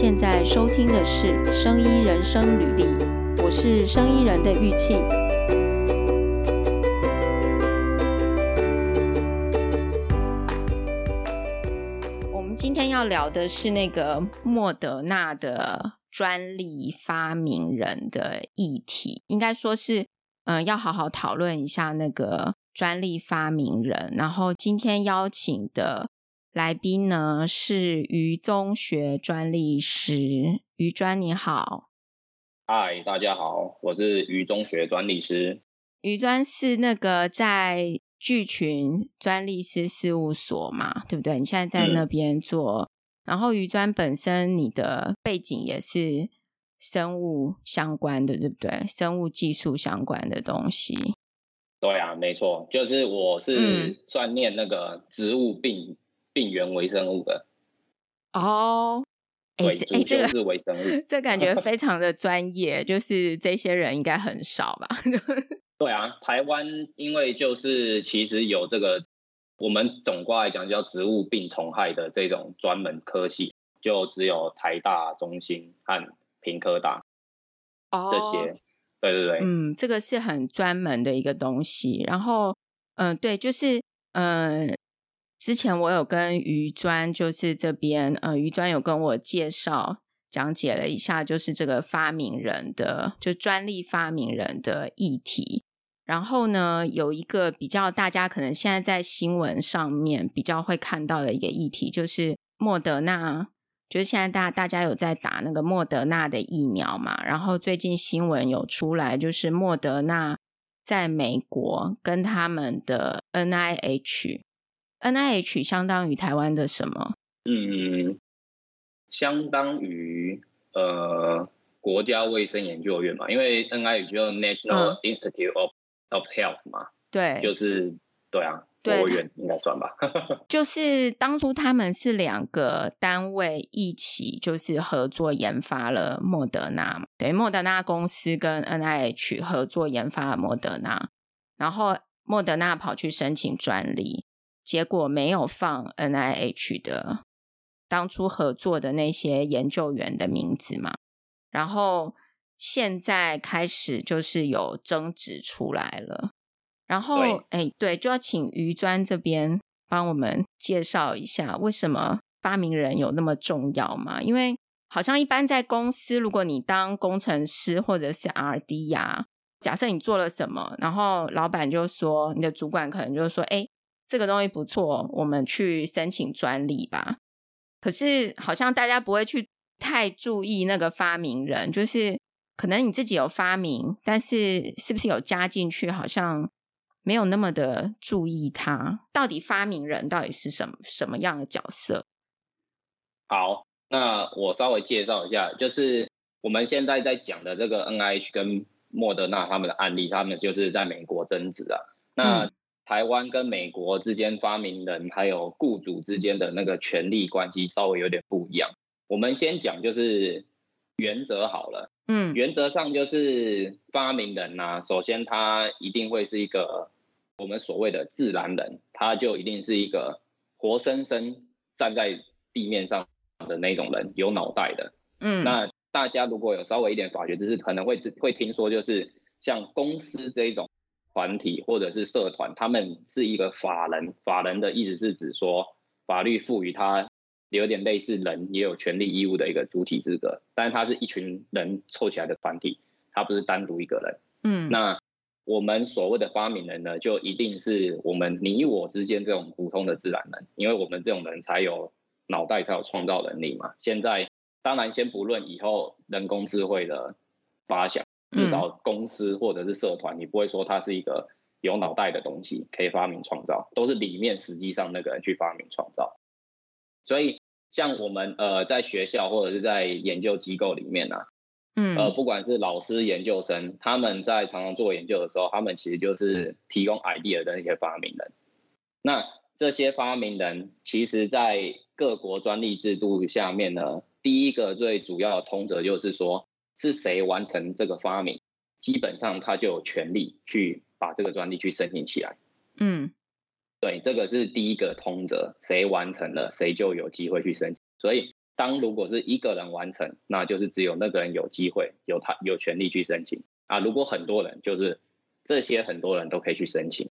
現在收聽的是《生醫人生旅歷》，我是生醫人的玉慶。我們今天要聊的是那個莫德納的專利發明人的議題，應該說是嗯，要好好討論一下那個專利發明人。然後今天邀請的來賓呢是余宗學專利師。余專，你好。嗨，大家好，我是余宗學專利師。余專是那個在聚群專利師事務所嘛，對不對？你現在在那邊做。嗯，然後余專本身你的背景也是生物相關的，對不對？生物技術相關的東西。對啊，沒錯，就是我是專念那個植物病。嗯病原微生物的哦，哎，這個是微生物，這感覺非常的專業， 就是這些人應該很少吧？ 對啊，台灣因為就是其實有這個我們總括來講叫植物病蟲害的這種專門科系，就只有台大中心和屏科大哦，這些、oh, 對對對，嗯，這個是很專門的一個東西，然後嗯，對，就是嗯。之前我有跟余專，就是這邊，呃，余專有跟我介紹、講解了一下，就是這個發明人的就專利發明人的議題。然後呢，有一個比較大家可能現在在新聞上面比較會看到的一個議題，就是莫德納，就是現在大大家有在打那個莫德納的疫苗嘛，然後最近新聞有出來，就是莫德納在美國跟他們的 NIH。N I H 相當於台灣的什麼？嗯，相當於呃國家衛生研究院嘛，因為 N I H 就是 National、嗯、Institute of of Health 嘛，對，就是對啊，國衛院，應該算吧。 就是當初他們是兩個單位一起，就是合作研發了莫德納嘛，等於莫德納公司跟 N I H 合作研發了莫德納，然後莫德納跑去申請專利。結果沒有放 NIH 的當初合作的那些研究員的名字嘛？然後現在開始就是有爭執出來了。然後哎，對，就要請余專這邊幫我們介紹一下為什麼發明人有那麼重要嘛？因為好像一般在公司，如果你當工程師或者是 RD 呀、啊，假設你做了什麼，然後老闆就說，你的主管可能就說，哎。這個東西不錯，我們去申請專利吧。可是好像大家不會去太注意那個發明人，就是可能你自己有發明，但是是不是有加進去，好像沒有那麼的注意他。到底發明人到底是什麼什麼樣的角色？好，那我稍微介紹一下，就是我們現在在講的這個 NIH 跟莫德納他們的案例，他們就是在美國爭執啊。嗯、那台灣跟美國之間發明人還有雇主之間的那個權利關係稍微有點不一樣。我們先講就是原則好了，嗯，原則上就是發明人吶、啊，首先他一定會是一個我們所謂的自然人，他就一定是一個活生生站在地面上的那種人，有腦袋的。嗯，那大家如果有稍微一點法學知識，可能會會聽說就是像公司這一種。團體或者是社團，他們是一個法人。法人的意思是指說，法律賦予他有點類似人，也有權利義務的一個主體資格。但是，他是一群人湊起來的團體，他不是單獨一個人。嗯，那我們所謂的發明人呢，就一定是我們你我之間這種普通的自然人，因為我們這種人才有腦袋，才有創造能力嘛。現在當然先不論以後人工智慧的發想。至少公司或者是社團，你不會說它是一個有腦袋的東西可以發明創造，都是裡面實際上那個人去發明創造。所以像我們呃在學校或者是在研究機構裡面啊，嗯，呃，不管是老師、研究生，他們在常常做研究的時候，他們其實就是提供 idea 的那些發明人。那這些發明人，其實在各國專利制度下面呢，第一個最主要的通則就是說。是誰完成這個發明，基本上他就有權利去把這個專利去申請起來。嗯，對，這個是第一個通則，誰完成了誰就有機會去申請。所以，當如果是一個人完成，那就是只有那個人有機會，有他有權利去申請啊。如果很多人，就是這些很多人都可以去申請。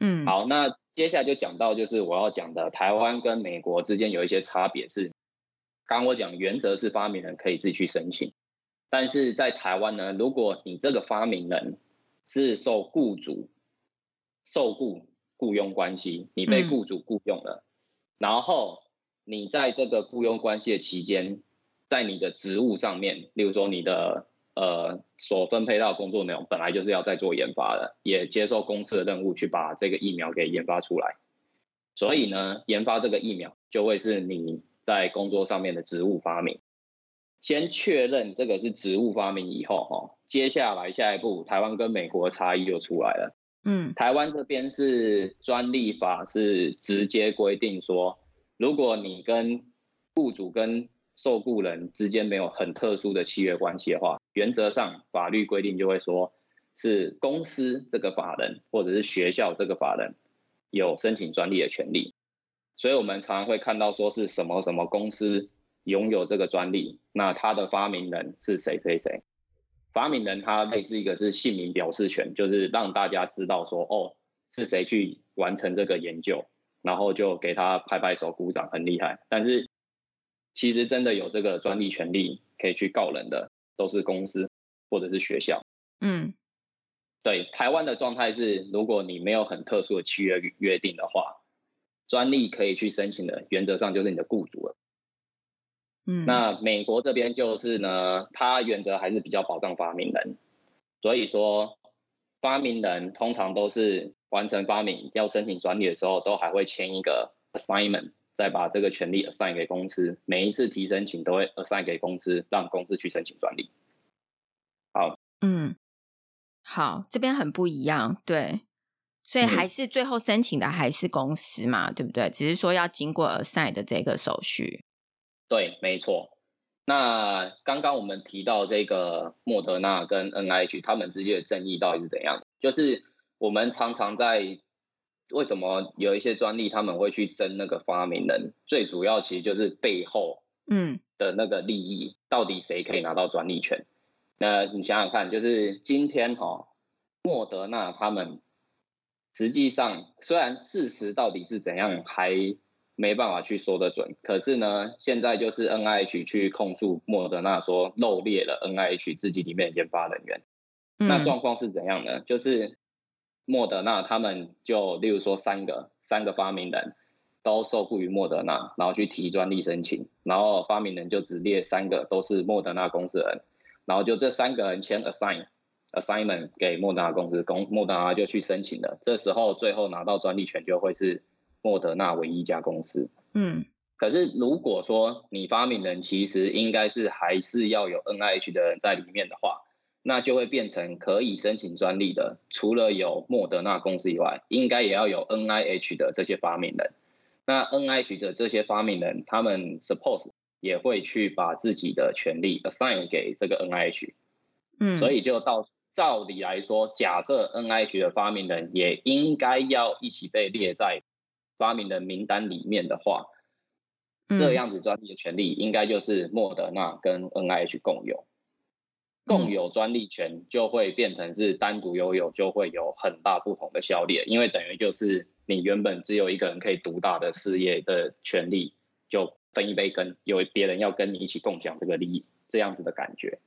嗯，好，那接下來就講到就是我要講的台灣跟美國之間有一些差別是，剛我講原則是發明人可以自己去申請。但是在台灣呢，如果你這個發明人是受僱主受僱僱傭關係，你被僱主僱傭了，嗯，然後你在這個僱傭關係的期間，在你的職務上面，例如說你的呃所分配到的工作內容本來就是要在做研發的，也接受公司的任務去把這個疫苗給研發出來，所以呢，研發這個疫苗就會是你在工作上面的職務發明。先確認這個是職務發明以後，哈，接下來下一步，台灣跟美國的差異就出來了。嗯，台灣這邊是專利法是直接規定說，如果你跟雇主跟受雇人之間沒有很特殊的契約關係的話，原則上法律規定就會說，是公司這個法人或者是學校這個法人有申請專利的權利。所以我們常常會看到說是什麼什麼公司。擁有這個專利，那他的發明人是誰？誰誰？發明人他類似一個是姓名表示權，就是讓大家知道說哦，是誰去完成這個研究，然後就給他拍拍手、鼓掌，很厲害。但是其實真的有這個專利權利可以去告人的，都是公司或者是學校。嗯，對，台灣的狀態是，如果你沒有很特殊的契約約定的話，專利可以去申請的，原則上就是你的雇主。嗯，那美國這邊就是呢，它原則還是比較保障發明人，所以說發明人通常都是完成發明要申請專利的時候，都還會簽一個 assignment，再把這個權利 assign 給公司。每一次提申請都會 assign 給公司，讓公司去申請專利。好，嗯，好，這邊很不一樣，對，所以還是最後申請的還是公司嘛，嗯，對不對？只是說要經過 assign 的這個手續。對，沒錯。那剛剛我們提到這個莫德納跟 NIH 他們之間的爭議到底是怎樣？就是我們常常在為什麼有一些專利他們會去爭那個發明人，最主要其實就是背後嗯的那個利益、嗯、到底誰可以拿到專利權？那你想想看，就是今天哈、哦、莫德納他們實際上雖然事實到底是怎樣還。沒辦法去說得準，可是呢，現在就是 N I H 去控訴莫德納說漏列了 N I H 自己裡面研發人員，嗯、那狀況是怎樣呢？就是莫德納他們就例如說三個三個發明人都受僱於莫德納，然後去提專利申請，然後發明人就只列三個都是莫德納公司人，然後就這三個人簽 assign assignment 給莫德納公司，公莫德納就去申請了，這時候最後拿到專利權就會是。莫德納唯一一家公司，嗯，可是如果說你發明人其實應該是還是要有 NIH 的人在裡面的話，那就會變成可以申請專利的。除了有莫德納公司以外，應該也要有 NIH 的這些發明人。那 NIH 的這些發明人，他們 suppose 也會去把自己的權利 assign 給這個 NIH，嗯，所以就到照理來說，假設 NIH 的發明人也應該要一起被列在。發明的名單裡面的話，這樣子專利的權利應該就是莫德納跟 NIH 共有，共有專利權就會變成是單獨擁有，就會有很大不同的效力，因為等於就是你原本只有一個人可以獨大的事業的權利，就分一杯羹，有別人要跟你一起共享這個利益，這樣子的感覺。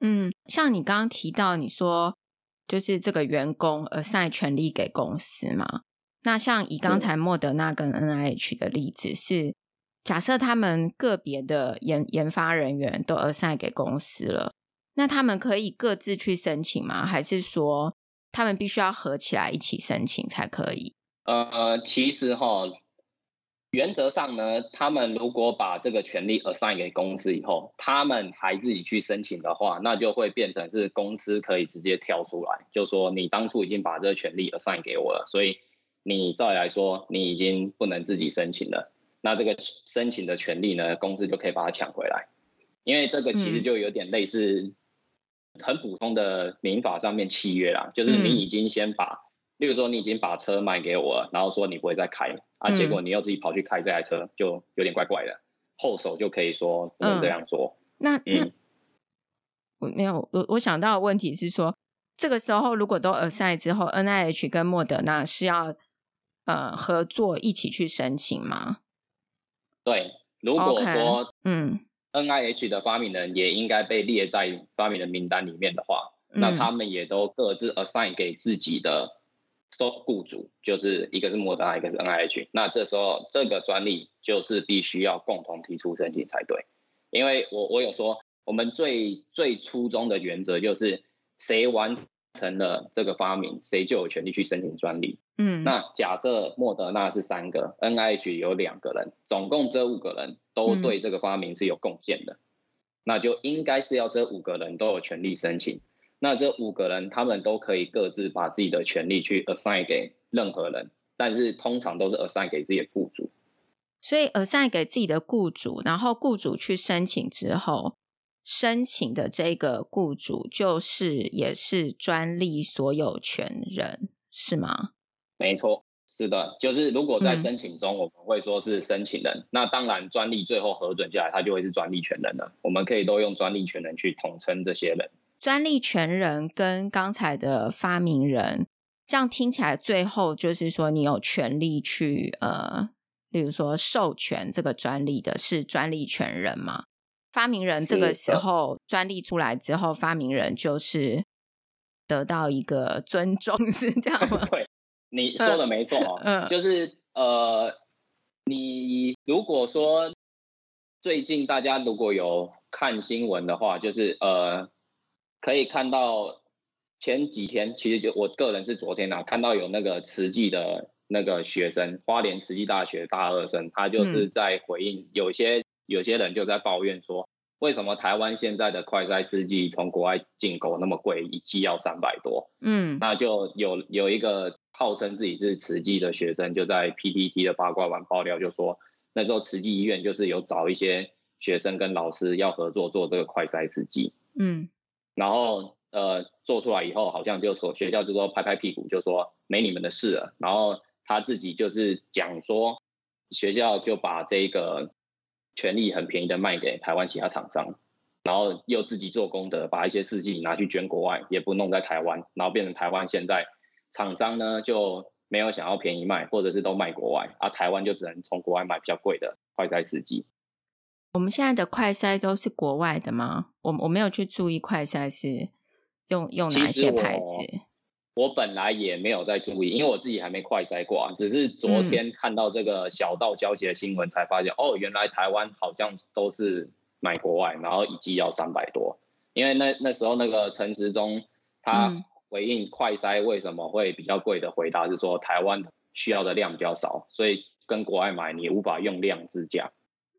嗯，像你剛剛提到，你說就是這個員工而曬權利給公司嗎？那像以剛才莫德納跟 NIH 的例子，是假設他們個別的研研發人員都 assign 給公司了，那他們可以各自去申請嗎？還是說他們必須要合起來一起申請才可以？呃，其實哈，原則上呢，他們如果把這個權利 assign 給公司以後，他們還自己去申請的話，那就會變成是公司可以直接跳出來，就說你當初已經把這個權利 assign 給我了，所以。你照理來說，你已經不能自己申請了，那這個申請的權利呢？公司就可以把它搶回來，因為這個其實就有點類似很普通的民法上面契約啦、嗯，就是你已經先把、嗯，例如說你已經把車賣給我了，然後說你不會再開了、嗯，啊，結果你又自己跑去開這台車，就有點怪怪的，後手就可以說、嗯、不能這樣說。嗯那嗯那，我沒有我我想到的問題是說，這個時候如果都耳塞之後，N I H 跟莫德納是要。呃，合作一起去申請嗎？對，如果說嗯，NIH 的發明人也應該被列在發明人名單裡面的話，okay, 嗯、那他們也都各自 assign 給自己的受僱主，就是一個是莫德納，一個是 NIH。那這時候這個專利就是必須要共同提出申請才對，因為我我有說，我們最最初衷的原則就是誰完成。成了這個發明，誰就有權利去申請專利。嗯，那假設莫德納是三個，NIH 有兩個人，總共這五個人都對這個發明是有貢獻的。嗯，那就應該是要這五個人都有權利申請。那這五個人他們都可以各自把自己的權利去 assign 給任何人，但是通常都是 assign 給自己的雇主。所以 assign 給自己的雇主，然後雇主去申請之後。申請的這個雇主就是也是專利所有權人是嗎？沒錯，是的，就是如果在申請中我們會說是申請人，嗯，那當然專利最後核准，下來，它就會是專利權人了。我們可以都用專利權人去統稱這些人。專利權人跟剛才的發明人，這樣聽起來最後就是說你有權利去呃，例如說授權這個專利的是專利權人嗎？發明人這個時候，專利出來之後，發明人就是得到一個尊重， 是這樣嗎？對，你說的沒錯啊，嗯，嗯，就是呃，你如果說最近大家如果有看新聞的話，就是呃，可以看到前幾天其實就我個人是昨天啊，看到有那個慈濟的那個學生，花蓮慈濟大學大二生，他就是在回應有些，嗯。有些人就在抱怨說，為什麼台灣現在的快篩試劑從國外進口那麼貴，一劑要三百多？嗯，那就有有一個號稱自己是慈濟的學生，就在 PTT 的八卦版爆料，就說那時候慈濟醫院就是有找一些學生跟老師要合作做這個快篩試劑，嗯，然後呃做出來以後，好像就說學校就說拍拍屁股就說沒你們的事了，然後他自己就是講說學校就把這個。權利很便宜的賣給台灣其他廠商，然後又自己做功德，把一些試劑拿去捐國外，也不弄在台灣，然後變成台灣現在廠商呢就沒有想要便宜賣，或者是都賣國外啊，台灣就只能從國外買比較貴的快篩試劑。我們現在的快篩都是國外的嗎？我我沒有去注意快篩是用用哪些牌子。我本來也沒有在注意，因為我自己還沒快篩過啊，只是昨天看到這個小道消息的新聞才發現、嗯，哦，原來台灣好像都是買國外，然後一劑要三百多。因為那那時候那個陳時中他回應快篩為什麼會比較貴的回答是說，嗯、台灣需要的量比較少，所以跟國外買你無法用量制價。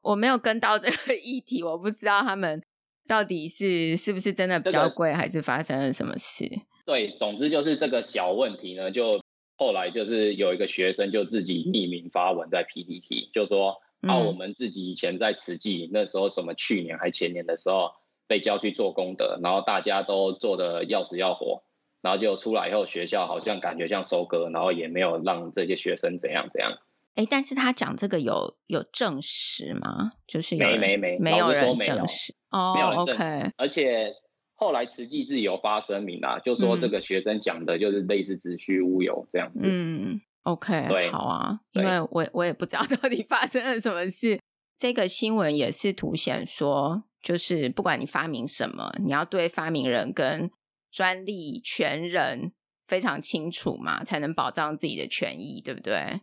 我沒有跟到這個議題，我不知道他們到底是是不是真的比較貴、這個，還是發生了什麼事。對，總之就是這個小問題呢，就後來就是有一個學生就自己匿名發文在 PTT，、嗯、就說，啊，我們自己以前在慈濟那時候，什麼去年還前年的時候被叫去做功德，然後大家都做的要死要活，然後就出來以後，學校好像感覺像收割，然後也沒有讓這些學生怎樣怎樣。哎、欸，但是他講這個有有證實嗎？就是有沒沒老實說沒有，沒有人證實哦。沒有人證實 OK，而且。後來實際自由發聲明啦、啊，就說這個學生講的就是類似子虛烏有、嗯、這樣子。嗯，OK，對，好啊，因為我我也不知道到底發生了什麼事。這個新聞也是凸顯說，就是不管你發明什麼，你要對發明人跟專利權人非常清楚嘛，才能保障自己的權益，對不對？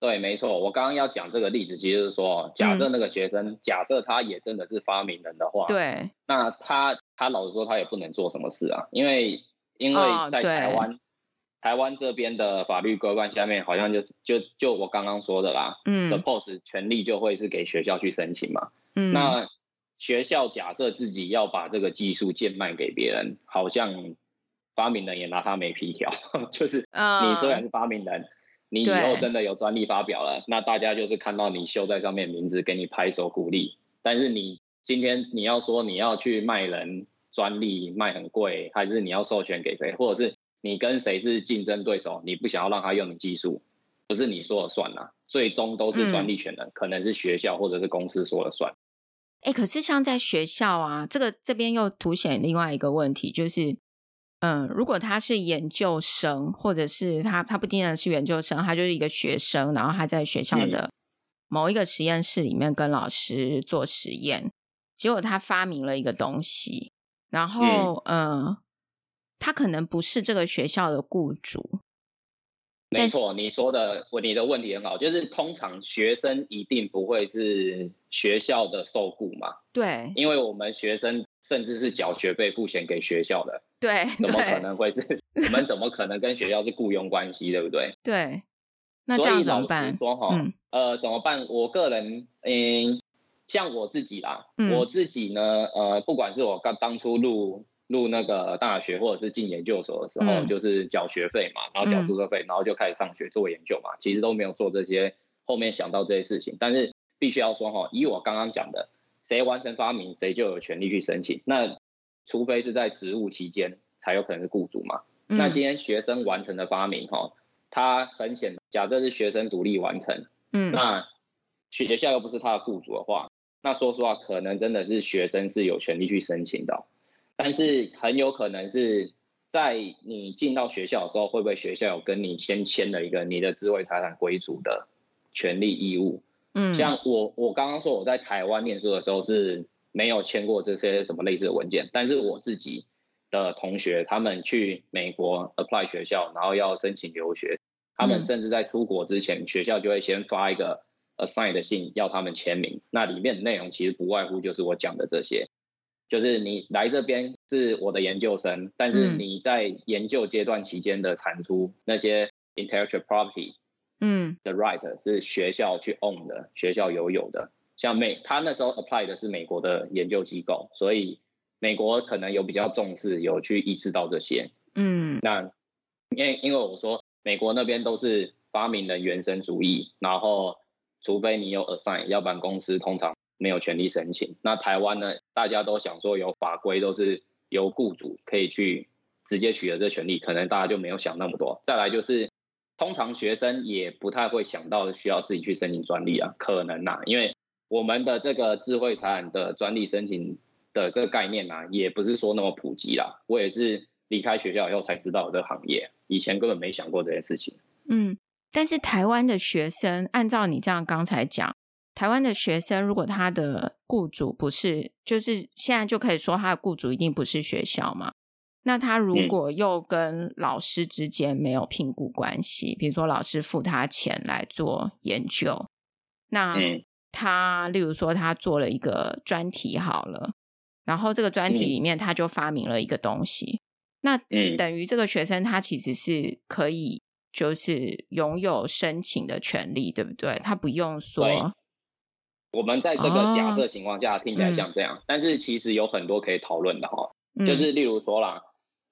對，沒錯。我剛剛要講這個例子，其實就是說，假設那個學生、嗯，假設他也真的是發明人的話，對，那他。他老實說，他也不能做什麼事啊，因為因為在台灣、oh, 台灣這邊的法律規範下面，好像就是就就我剛剛說的啦，嗯、mm.，suppose 權利就會是給學校去申請嘛，嗯、mm.，那學校假設自己要把這個技術賤賣給別人，好像發明人也拿他沒皮條， 就是你雖然是發明人，oh, 你以後真的有專利發表了，那大家就是看到你秀在上面名字，給你拍手鼓勵，但是你。今天你要說，你要去賣人專利賣很貴，還是你要授權給誰，或者是你跟誰是競爭對手？你不想要讓他用你技術，不是你說了算吶，最終都是專利權人、嗯，可能是學校或者是公司說了算。哎、欸，可是像在學校啊，這個這邊又凸顯另外一個問題，就是嗯，如果他是研究生，或者是他他不一定然是研究生，他就是一個學生，然後他在學校的某一個實驗室裡面跟老師做實驗。嗯結果他發明了一個東西，然後，嗯，呃，他可能不是這個學校的雇主。沒錯，你說的，你的問題很好，就是通常學生一定不會是學校的受雇嘛？對，因為我們學生甚至是繳學費付錢給學校的，對，怎麼可能會是？我 們怎麼可能跟學校是雇傭關係？對不對？對，那這樣怎麼辦？說哈，嗯，呃，怎麼辦？我個人，嗯。像我自己啦、嗯，我自己呢，呃，不管是我剛當初入入那個大學，或者是進研究所的時候，嗯、就是繳學費嘛，然後繳住宿費，然後就開始上學做研究嘛，嗯、其實都沒有做這些後面想到這些事情。但是必須要說哈，以我剛剛講的，誰完成發明，誰就有權利去申請。那除非是在職務期間才有可能是雇主嘛、嗯。那今天學生完成的發明哈，他很顯，假設是學生獨立完成，嗯，那學校又不是他的雇主的話。那說實話，可能真的是學生是有權利去申請的，但是很有可能是在你進到學校的時候，會不會學校有跟你先簽了一個你的智慧財產歸屬的權利義務？嗯，像我我剛剛說我在台灣念書的時候是沒有簽過這些什麼類似的文件，但是我自己的同學他們去美國 apply 學校，然後要申請留學，他們甚至在出國之前，學校就會先發一個。assign 的信要他們簽名，那裡面內容其實不外乎就是我講的這些，就是你來這邊是我的研究生，但是你在研究階段期間的產出、嗯、那些 intellectual property，嗯，the right 是學校去 own 的，學校擁有的。像美，他那時候 apply 的是美國的研究機構，所以美國可能有比較重視，有去意識到這些，嗯，那因為因為我說美國那邊都是發明人原生主義，然後。除非你有 assign，要不然公司通常沒有權利申請。那台灣呢？大家都想說有法規都是由雇主可以去直接取得這權利，可能大家就沒有想那麼多。再來就是，通常學生也不太會想到需要自己去申請專利啊，可能啊，因為我們的這個智慧財產的專利申請的這個概念呢、啊、也不是說那麼普及啦。我也是離開學校以後才知道我這個行業，以前根本沒想過這件事情。嗯。但是台灣的學生，按照你這樣剛才講，台灣的學生如果他的雇主不是，就是現在就可以說他的雇主一定不是學校嘛？那他如果又跟老師之間沒有聘雇關係，比如說老師付他錢來做研究，那他例如說他做了一個專題好了，然後這個專題裡面他就發明了一個東西，那等於這個學生他其實是可以。就是擁有申請的權利，對不對？他不用說。我們在這個假設情況下聽起來像這樣，哦嗯、但是其實有很多可以討論的哈、哦。就是例如說啦，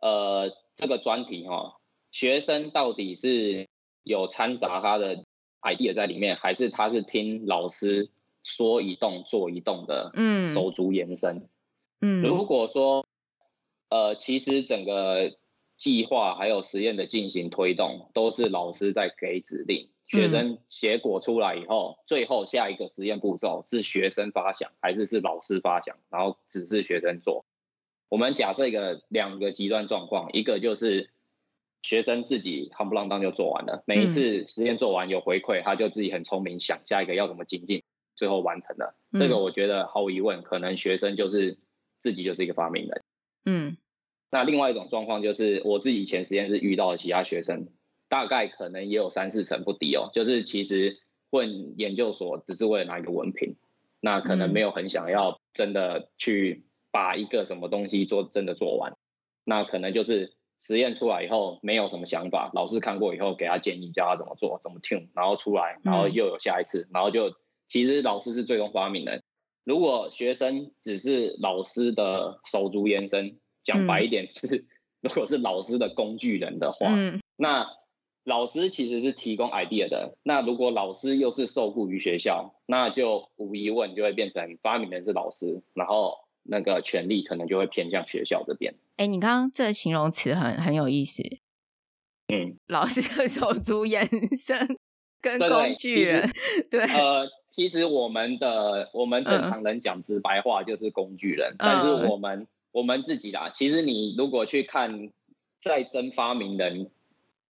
呃，這個專題哈、哦，學生到底是有摻雜他的 idea 在裡面，還是他是聽老師說一動做一動的？嗯，手足延伸嗯。嗯，如果說，呃，其實整個。計劃還有實驗的進行推動，都是老師在給指令。嗯、學生結果出來以後，最後下一個實驗步驟是學生發想，還是是老師發想，然後指示學生做？我們假設一個兩個極端狀況，一個就是學生自己夯不啷噹就做完了。每一次實驗做完有回饋、嗯，他就自己很聰明想下一個要怎麼精進，最後完成了。這個我覺得毫無疑問，可能學生就是自己就是一個發明人。嗯。那另外一種狀況就是，我自己以前實驗室遇到的其他學生，大概可能也有三四成不低哦。就是其實混研究所只是為了拿一個文憑，那可能沒有很想要真的去把一個什麼東西做真的做完。那可能就是實驗出來以後沒有什麼想法，老師看過以後給他建議，教他怎麼做怎麼 tune，然後出來，然後又有下一次，然後就其實老師是最終發明人。如果學生只是老師的手足延伸。講白一點是、嗯，如果是老師的工具人的話、嗯，那老師其實是提供 idea 的。那如果老師又是受雇於學校，那就無疑問就會變成發明人是老師，然後那個權利可能就會偏向學校這邊。哎、欸，你剛剛這個形容詞很很有意思，嗯，老師的手足延伸跟工具人，對、對、對， 對，呃，其實我們的我們正常人講直白話就是工具人，嗯、但是我們。嗯我們自己啦，其實你如果去看在真發明人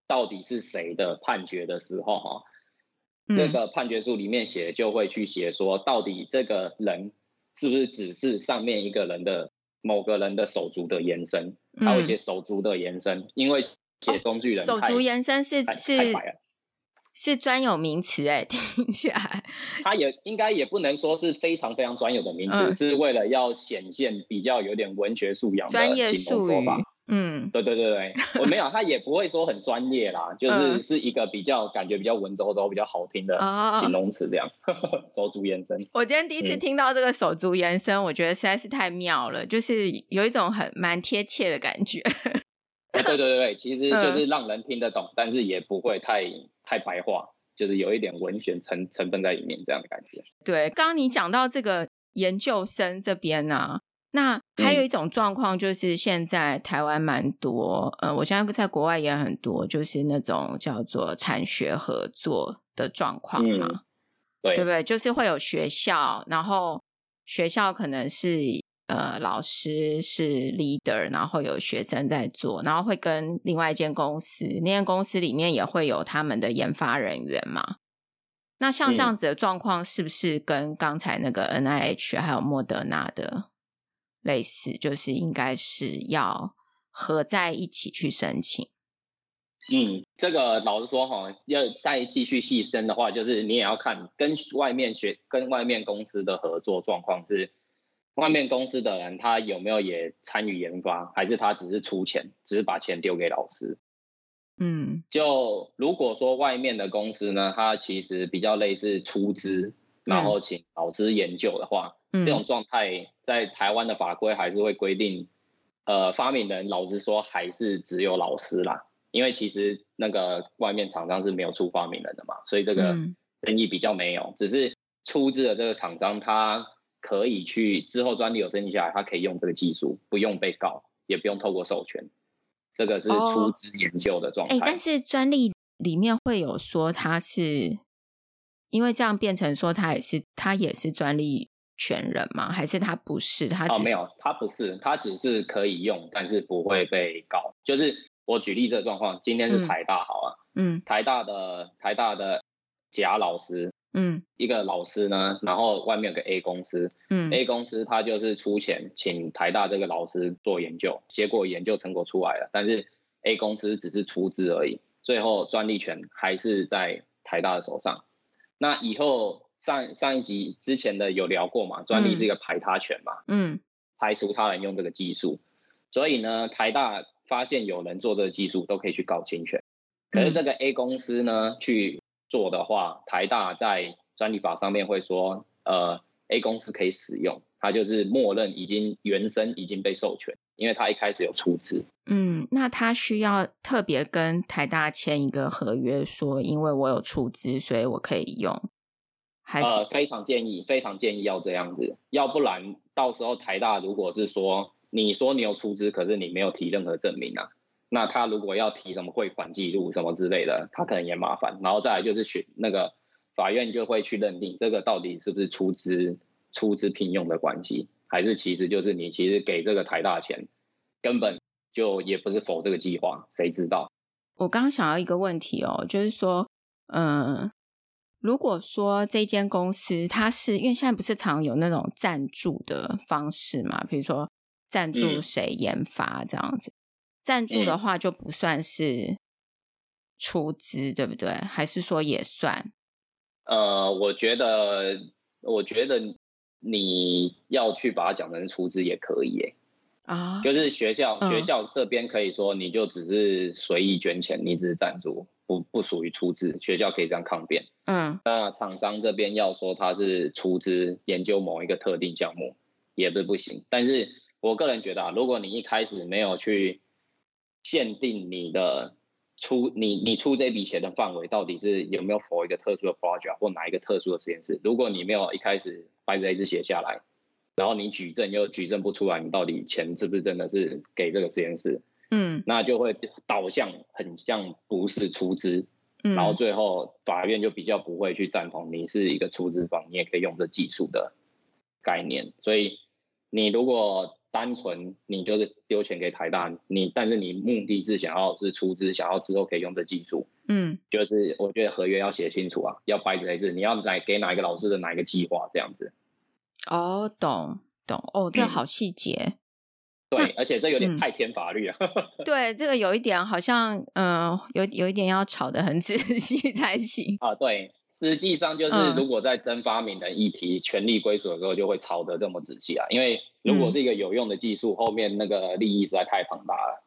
到底是誰的判決的時候，哈、嗯，這個判決書裡面寫就會去寫說，到底這個人是不是只是上面一個人的某個人的手足的延伸，還有一些手足的延伸，因為寫工具人、啊、手足延伸是是。是專有名詞哎、欸，聽起來，它也應該也不能說是非常非常專有的名詞、嗯，是為了要顯現比較有點文學素養、專業術語。嗯，對對對對，我沒有，他也不會說很專業啦、嗯，就是是一個比較感覺比較文縐縐、比較好聽的形容詞這樣、哦呵呵。手足延伸，我今天第一次聽到這個手足延伸，嗯、我覺得實在是太妙了，就是有一種很蠻貼切的感覺、嗯。對對對對，其實就是讓人聽得懂，嗯、但是也不會太。太白話，就是有一點文學成成分在裡面，這樣的感覺。對，剛剛你講到這個研究生這邊啊，那還有一種狀況，就是現在台灣蠻多，呃，我現在在國外也很多，就是那種叫做產學合作的狀況嘛、嗯對，對不對？就是會有學校，然後學校可能是。呃，老師是 leader，然後有學生在做，然後會跟另外一間公司，那間公司裡面也會有他們的研發人員嘛。那像這樣子的狀況，是不是跟剛才那個 NIH 還有莫德納的類似？就是應該是要合在一起去申請。嗯，這個老實說吼，要再繼續細分的話，就是你也要看跟外面學、跟外面公司的合作狀況是。外面公司的人，他有沒有也參與研發，還是他只是出錢，只是把錢丟給老師？嗯，就如果說外面的公司呢，他其實比較類似出資，然後請老師研究的話，嗯、這種狀態在台灣的法規還是會規定、嗯，呃，發明人老實說還是只有老師啦，因為其實那個外面廠商是沒有出發明人的嘛，所以這個爭議比較沒有，嗯、只是出資的這個廠商他。可以去之後專利有申請下來，他可以用這個技術，不用被告，也不用透過授權，這個是出資研究的狀況。哎、哦欸，但是專利裡面會有說，他是因為這樣變成說他也是，他也是專利權人嗎？還是他不是？他是哦，沒有，他不是，他只是可以用，但是不會被告。嗯、就是我舉例這個狀況，今天是台大好啊，嗯，嗯，台大的台大的賈老師。嗯，一個老師呢，然後外面有個 A 公司，嗯，A 公司他就是出錢請台大這個老師做研究，結果研究成果出來了，但是 A 公司只是出資而已，最後專利權還是在台大的手上。那以後上上一集之前的有聊過嘛？專利是一個排他權嘛，嗯，排除他人用這個技術，嗯。所以呢，台大發現有人做這個技術，都可以去告侵權。可是這個 A 公司呢，嗯、去。做的話，台大在專利法上面會說，呃，A 公司可以使用，它就是默認已經原生已經被授權，因為它一開始有出資。嗯，那他需要特別跟台大簽一個合約，說因為我有出資，所以我可以用還是。呃，非常建議，非常建議要這樣子，要不然到時候台大如果是說你說你有出資，可是你沒有提任何證明啊。那他如果要提什麼匯款記錄什麼之類的，他可能也麻煩。然後再來就是選那個法院就會去認定這個到底是不是出資、出資聘用的關係，還是其實就是你其實給這個台大錢，根本就也不是否這個計劃，誰知道？我剛剛想到一個問題哦，就是說，嗯、呃，如果說這間公司它是因為現在不是常有那種贊助的方式嘛，比如說贊助誰研發這樣子。嗯贊助的話就不算是出資、嗯，對不對？還是說也算？呃，我覺得，我覺得你要去把它講成出資也可以，啊、哦，就是學校、嗯、學校這邊可以說，你就只是隨意捐錢，你只是贊助，不不屬於出資。學校可以這樣抗辯，嗯。那廠商這邊要說他是出資研究某一個特定項目，也不是不行。但是我個人覺得啊，如果你一開始沒有去。限定你的出你你出這筆錢的範圍到底是有沒有 for 一個特殊的 project 或哪一個特殊的實驗室？如果你沒有一開始把這一直寫下來，然後你舉證又舉證不出來，你到底錢是不是真的是給這個實驗室？嗯，那就會導向很像不是出資，嗯，然後最後法院就比較不會去贊同你是一個出資方，你也可以用這技術的概念。所以你如果。單純你就是丟錢給台大，你但是你目的是想要是出資，想要之後可以用的技術，嗯，就是我覺得合約要寫清楚啊，要擺在這你要哪給哪一個老師的哪一個計劃這樣子。哦，懂懂哦，這好細節。嗯對，而且這有點太偏法律了，嗯。對，這個有一點好像，嗯、呃，有有一點要吵得很仔細才行啊。對，實際上就是如果在爭發明的議題，嗯、權利歸屬的時候，就會吵得這麼仔細啊。因為如果是一個有用的技術，嗯，後面那個利益實在太龐大了。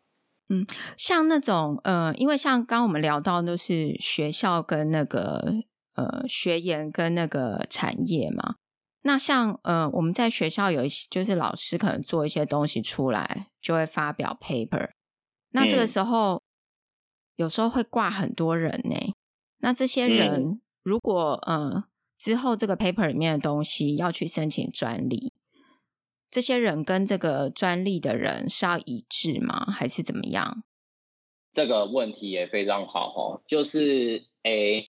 嗯，像那種，呃，因為像剛我們聊到的都是學校跟那個，呃，學研跟那個產業嘛。那像呃，我們在學校有一些，就是老師可能做一些東西出來，就會發表 paper。那這個時候、嗯、有時候會掛很多人呢。那這些人、嗯、如果呃之後這個 paper 裡面的東西要去申請專利，這些人跟這個專利的人是要一致嗎？還是怎麼樣？這個問題也非常好哦，就是誒，欸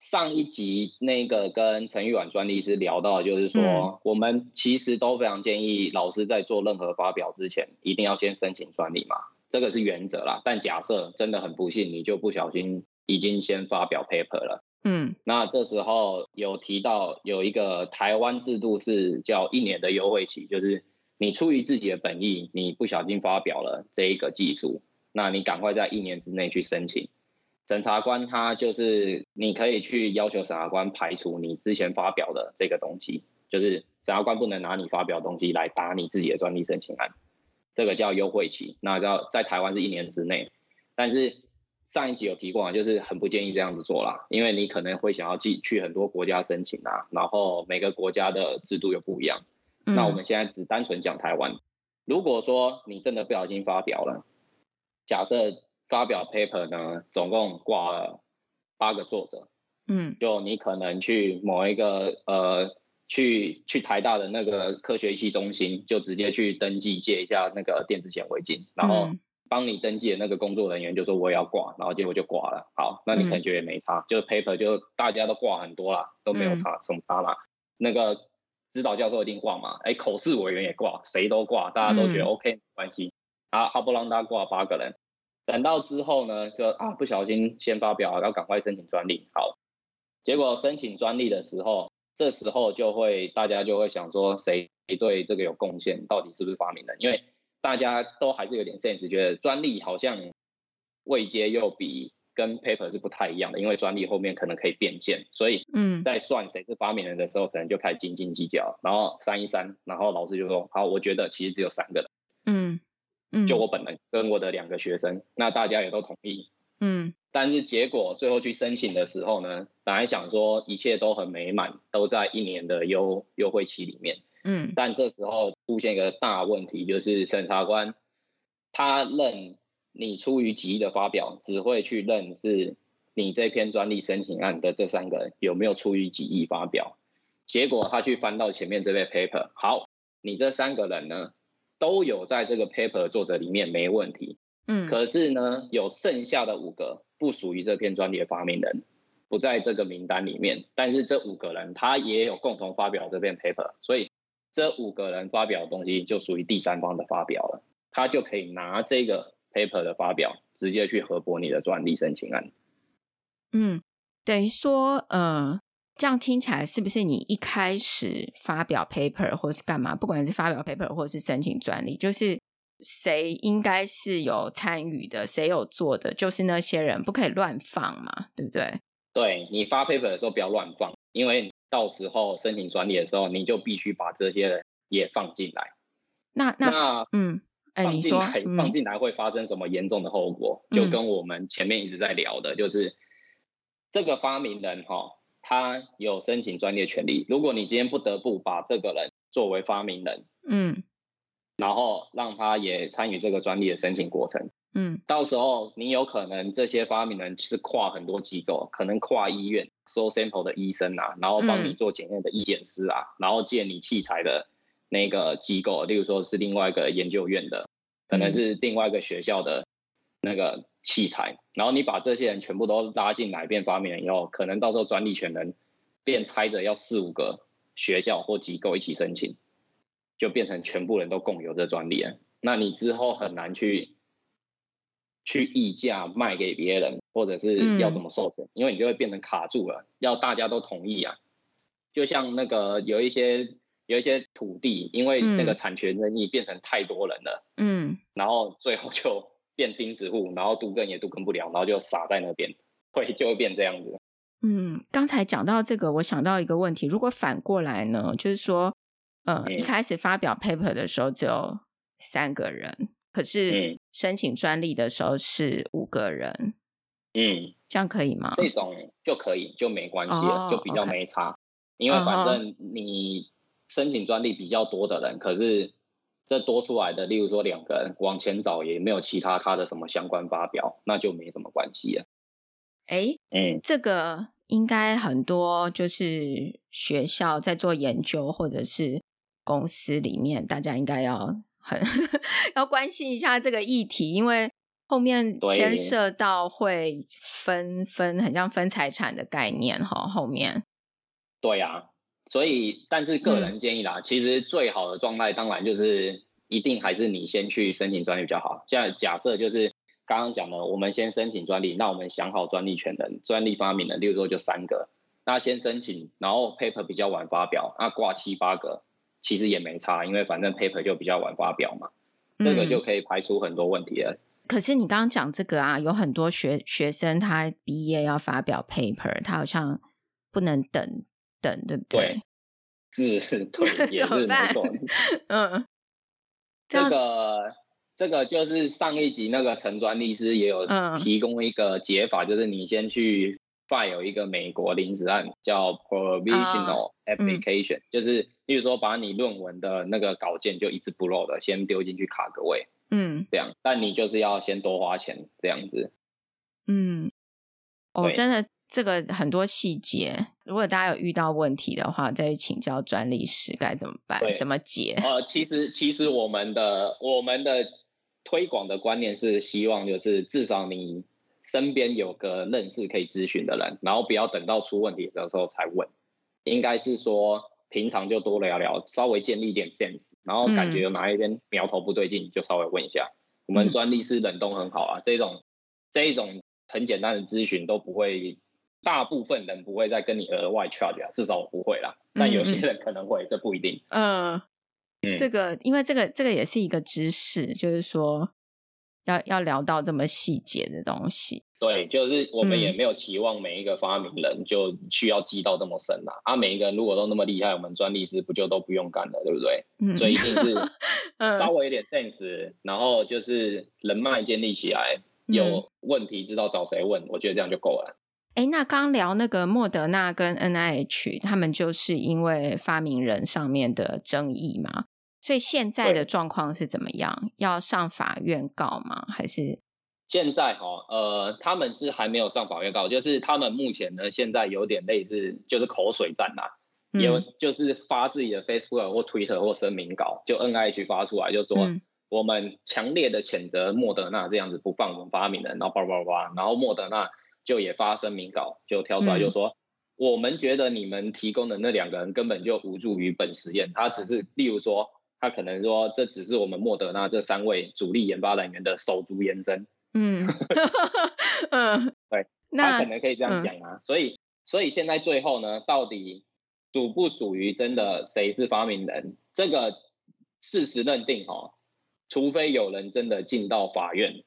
上一集，那個跟陳玉婉專利師聊到，就是說我們其實都非常建議老師在做任何發表之前，一定要先申請專利嘛，這個是原則啦。但假設真的很不幸，你就不小心已經先發表 paper 了，嗯，那這時候有提到有一個台灣制度是叫一年的優惠期，就是你出於自己的本意，你不小心發表了這一個技術，那你趕快在一年之內去申請。審查官他就是，你可以去要求審查官排除你之前發表的這個東西，就是審查官不能拿你發表的東西來打你自己的專利申請案，這個叫優惠期，那叫在台灣是一年之內。但是上一集有提過啊，就是很不建議這樣子做啦，因為你可能會想要去去很多國家申請啊，然後每個國家的制度又不一樣。嗯、那我們現在只單純講台灣，如果說你真的不小心發表了，假設。發表 paper 呢，總共掛了八個作者。嗯，就你可能去某一個呃，去去台大的那個科學儀器中心，就直接去登記借一下那個電子顯微鏡，然後幫你登記的那個工作人員就說我也要掛，然後結果就掛了。好，那你可能覺得也沒差、嗯，就 paper 就大家都掛很多啦，都沒有差，總、嗯、差啦。那個指導教授一定掛嘛，哎、欸，口試委員也掛，誰都掛，大家都覺得 OK 沒關係。啊，不讓他掛八個人。等到之後呢，就啊不小心先發表，要趕快申請專利。好，結果申請專利的時候，這時候就會大家就會想說，誰對這個有貢獻，到底是不是發明人？因為大家都還是有點 sense，覺得專利好像位階又比跟 paper 是不太一樣的，因為專利後面可能可以變現，所以嗯，在算誰是發明人的時候，可能就開始斤斤計較，然後刪一刪，然後老師就說，好，我覺得其實只有三個人。嗯。就我本人跟我的兩個學生，嗯，那大家也都同意。嗯，但是結果最後去申請的時候呢，本來想說一切都很美滿，都在一年的優優惠期裡面。嗯，但這時候出現一個大問題，就是審查官他認你出於己意的發表，只會去認是你這篇專利申請案的這三個人有沒有出於己意發表。結果他去翻到前面這篇 paper，好，你這三個人呢？都有在這個 paper 作者裡面沒問題，嗯，可是呢，有剩下的五個不屬於這篇專利的發明人，不在這個名單裡面，但是這五個人他也有共同發表這篇 paper，所以這五個人發表的東西就屬於第三方的發表了，他就可以拿這個 paper 的發表直接去核駁你的專利申請案。嗯，等於說呃。這樣聽起來是不是你一開始發表 paper 或是幹嘛？不管是發表 paper 或是申請專利，就是誰應該是有參與的，誰有做的，就是那些人不可以亂放嘛，對不對？對，你發 paper 的時候不要亂放，因為到時候申請專利的時候，你就必須把這些人也放進來。那那，那嗯，哎、欸，你說放進來會發生什麼嚴重的後果、嗯？就跟我們前面一直在聊的，就是這個發明人哈、哦。他有申請專利的權利。如果你今天不得不把這個人作為發明人，嗯，然後讓他也參與這個專利的申請過程，嗯，到時候你有可能這些發明人是跨很多機構，可能跨醫院、嗯、收 sample 的醫生啊，然後幫你做檢驗的醫檢師啊、嗯，然後借你器材的那個機構，例如說是另外一個研究院的，可能是另外一個學校的那個。器材，然後你把這些人全部都拉進來變發明了以後，可能到時候專利權人變拆的要四五個學校或機構一起申請，就變成全部人都共有這專利了。那你之後很難去去議價賣給別人，或者是要怎麼授權，嗯，因為你就會變成卡住了，要大家都同意啊。就像那個有一些有一些土地，因為那個產權爭議變成太多人了，嗯，然後最後就。變釘子戶，然後讀根也讀根不了，然後就傻在那邊，會就會變這樣子。嗯，剛才講到這個，我想到一個問題：如果反過來呢？就是說，呃，嗯、一開始發表 paper 的時候只有三個人，可是申請專利的時候是五個人。嗯，這樣可以嗎？這種就可以，就沒關係了，oh, 就比較沒差，okay。因為反正你申請專利比較多的人，可是。這多出來的，例如說兩個人往前找也沒有其他他的什麼相關發表，那就沒什麼關係了。哎、欸，嗯，這個應該很多就是學校在做研究，或者是公司裡面，大家應該要很呵呵要關心一下這個議題，因為後面牽涉到會分分，很像分財產的概念哈、哦。後面對呀、啊。所以，但是個人建議啦，嗯、其實最好的狀態當然就是一定還是你先去申請專利比較好。現在假設就是剛剛講的，我們先申請專利，那我們想好專利權人、專利發明人，例如說就三個，那先申請，然後 paper 比較晚發表，那掛七八個其實也沒差，因為反正 paper 就比較晚發表嘛，這個就可以排除很多問題了。嗯、可是你剛剛講這個啊，有很多學學生他畢業要發表 paper，他好像不能等。等對不對？對，是，對， 也是不錯。 嗯，這個這，這個就是上一集那個陳專律師也有提供一個解法，嗯、就是你先去 file 一個美國臨時案叫 provisional application，、哦嗯、就是例如說把你論文的那個稿件就一字不漏的先丟進去卡個位，嗯，這樣，但你就是要先多花錢這樣子。嗯，哦，真的，這個很多細節。如果大家有遇到問題的話，再去請教專利師該怎麼辦，怎麼解？呃，其實其實我們的我們的推廣的觀念是希望就是至少你身邊有個認識可以諮詢的人，然後不要等到出問題的時候才問。應該是說平常就多聊聊，稍微建立一點 sense，然後感覺有哪一邊苗頭不對勁，就稍微問一下。嗯、我們專利師人都很好啊，嗯、這種這種很簡單的諮詢都不會。大部分人不會再跟你額外 charge 至少我不會啦。但有些人可能會，嗯嗯這不一定。呃、嗯，這個因為這個這個也是一個知識，就是說要要聊到這麼細節的東西。對，就是我們也沒有期望每一個發明人就需要記到這麼深啦。嗯、啊，每一個人如果都那麼厲害，我們專利師不就都不用幹了，對不對？嗯、所以一定是稍微有點 sense，、嗯、然後就是人脈建立起來、嗯，有問題知道找誰問，我覺得這樣就夠了。哎，那剛聊那個莫德納跟 NIH，他們就是因為發明人上面的爭議嘛，所以現在的狀況是怎麼樣？要上法院告嗎？還是現在哈、哦，呃，他們是還沒有上法院告，就是他們目前呢，現在有點類似就是口水戰嘛、啊，有、嗯、就是發自己的 Facebook 或 Twitter 或聲明稿，就 NIH 發出來就說、嗯、我們強烈的譴責莫德納這樣子不放我們發明人，然後叭叭叭，然後莫德納。就也發聲明稿，就跳出來就說、嗯，我們覺得你們提供的那兩個人根本就無助於本實驗，他只是，例如說，他可能說這只是我們莫德納這三位主力研發人員的手足延伸，嗯，嗯、呃，對那，他可能可以這樣講啊、呃，所以，所以現在最後呢，到底屬不屬於真的誰是發明人，這個事實認定哦，除非有人真的進到法院。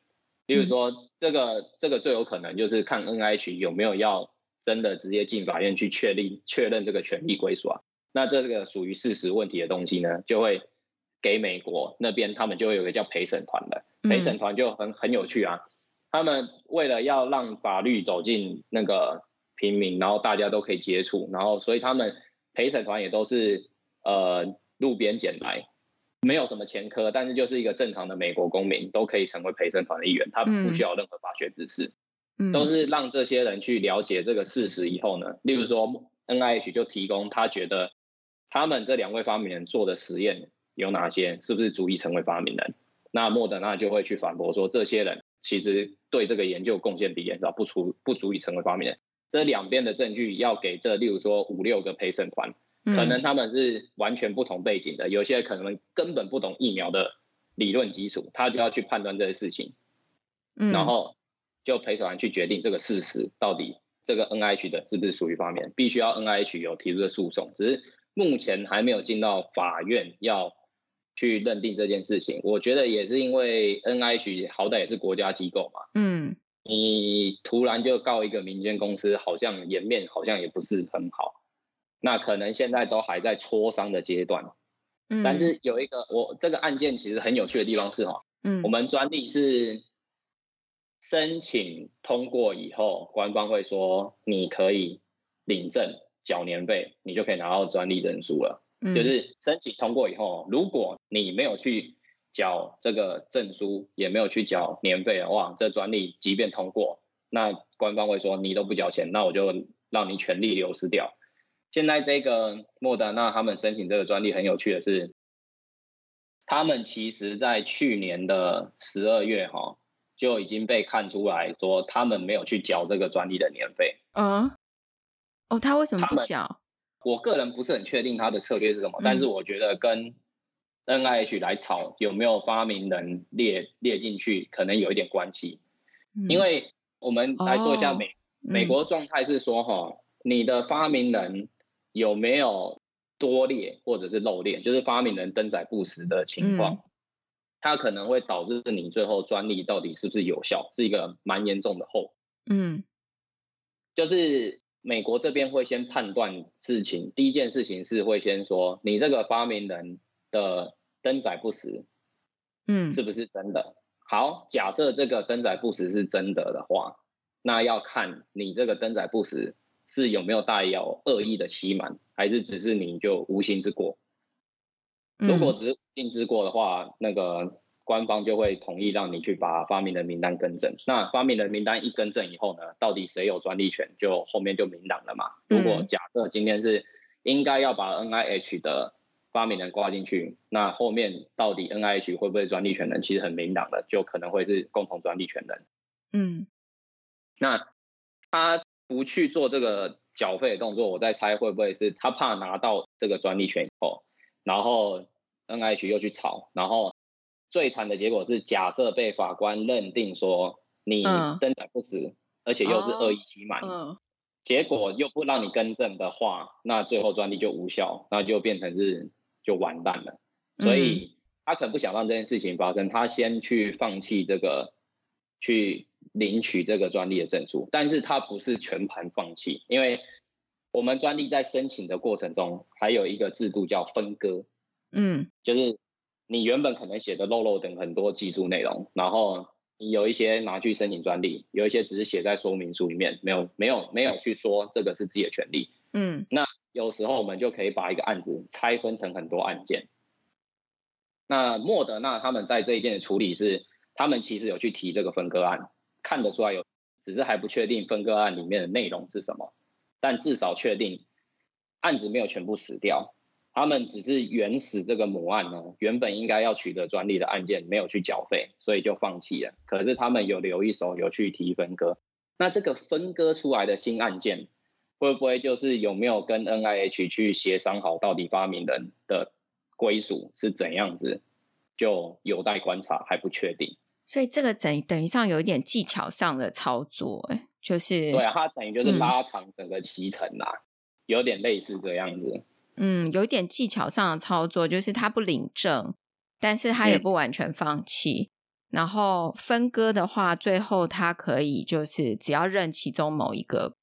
比如說，這個這個最有可能就是看 NIH 有沒有要真的直接進法院去確立確認這個權利歸屬啊。那這這個屬於事實問題的東西呢，就會給美國那邊他們就會有一個叫陪審團的，陪審團就很很有趣啊。他們為了要讓法律走進那個平民，然後大家都可以接觸，然後所以他們陪審團也都是呃路邊撿來。沒有什麼前科，但是就是一個正常的美國公民都可以成為陪審團的一員，他不需要任何法學知識、嗯，都是讓這些人去了解這個事實以後呢，例如說 NIH 就提供他覺得他們這兩位發明人做的實驗有哪些，是不是足以成為發明人？那莫德納就會去反駁說，這些人其實對這個研究貢獻比較少，不足，不足以成為發明人。這兩邊的證據要給這例如說五六個陪審團。可能他們是完全不同背景的，嗯，有些可能根本不懂疫苗的理論基礎，他就要去判斷這些事情，嗯，然後就陪審團去決定這個事實，到底這個 NIH 的是不是屬於方面，必須要 NIH 有提出的訴訟，只是目前還沒有進到法院要去認定這件事情。我覺得也是因為 NIH 好歹也是國家機構嘛，嗯，你突然就告一個民間公司，好像顏面好像也不是很好。那可能現在都還在磋商的階段，嗯，但是有一個我這個案件其實很有趣的地方是哈，嗯，我們專利是申請通過以後，官方會說你可以領證繳年費，你就可以拿到專利證書了。就是申請通過以後，如果你沒有去繳這個證書，也沒有去繳年費的話，這專利即便通過，那官方會說你都不繳錢，那我就讓你權利流失掉。現在這個莫德納他們申請這個專利很有趣的是，他們其實，在去年的十二月哈、哦、就已經被看出來說，他們沒有去繳這個專利的年費。嗯、哦，哦，他為什麼不繳？我個人不是很確定他的策略是什麼，嗯、但是我覺得跟 N I H 來吵，有沒有發明人列列進去，可能有一點關係。嗯、因為我們來說一下、哦、美美國狀態是說哈、哦嗯，你的發明人。有沒有多列或者是漏列，就是發明人登載不實的情況，嗯、它可能會導致你最後專利到底是不是有效，是一個蠻嚴重的後果。嗯，就是美國這邊會先判斷事情，第一件事情是會先說你這個發明人的登載不實，嗯，是不是真的？嗯、好，假設這個登載不實是真的的話，那要看你這個登載不實。是有沒有帶有惡意的欺瞞，還是只是你就無心之過、嗯？如果只是無心之過的話，那個官方就會同意讓你去把發明的名單更正。那發明的名單一更正以後呢，到底誰有專利權，就後面就明朗了嘛。嗯、如果假設今天是應該要把 N I H 的發明人掛進去，那後面到底 N I H 會不會專利權人，其實很明朗的，就可能會是共同專利權人。嗯，那他。啊不去做這個繳費的動作，我在猜會不會是他怕拿到這個專利權以後，然後 NIH 又去吵，然後最慘的結果是，假設被法官認定說你登載不實，uh, 而且又是惡意欺瞞，uh, uh, 結果又不讓你更正的話，那最後專利就無效，那就變成是就完蛋了。所以他可能不想讓這件事情發生，他先去放棄這個去。領取這個專利的證書，但是它不是全盤放棄，因為我們專利在申請的過程中還有一個制度叫分割，嗯，就是你原本可能寫的漏漏等很多技術內容，然後你有一些拿去申請專利，有一些只是寫在說明書裡面，沒有沒有沒有去說這個是自己的權利，嗯，那有時候我們就可以把一個案子拆分成很多案件。那莫德納他們在這一件的處理是，他們其實有去提這個分割案。看得出來有，只是還不確定分割案裡面的內容是什麼，但至少確定案子沒有全部死掉。他們只是原始這個母案呢，原本應該要取得專利的案件沒有去繳費，所以就放棄了。可是他們有留一手，有去提分割。那這個分割出來的新案件，會不會就是有沒有跟 NIH 去協商好到底發明人的歸屬是怎樣子？就有待觀察，還不確定。所以這個等等於上有一點技巧上的操作，哎，就是對、啊，它等於就是拉長整個期程啦、啊嗯，有點類似這樣子。嗯，有一點技巧上的操作，就是他不領證，但是他也不完全放棄。嗯、然後分割的話，最後他可以就是只要認其中某一個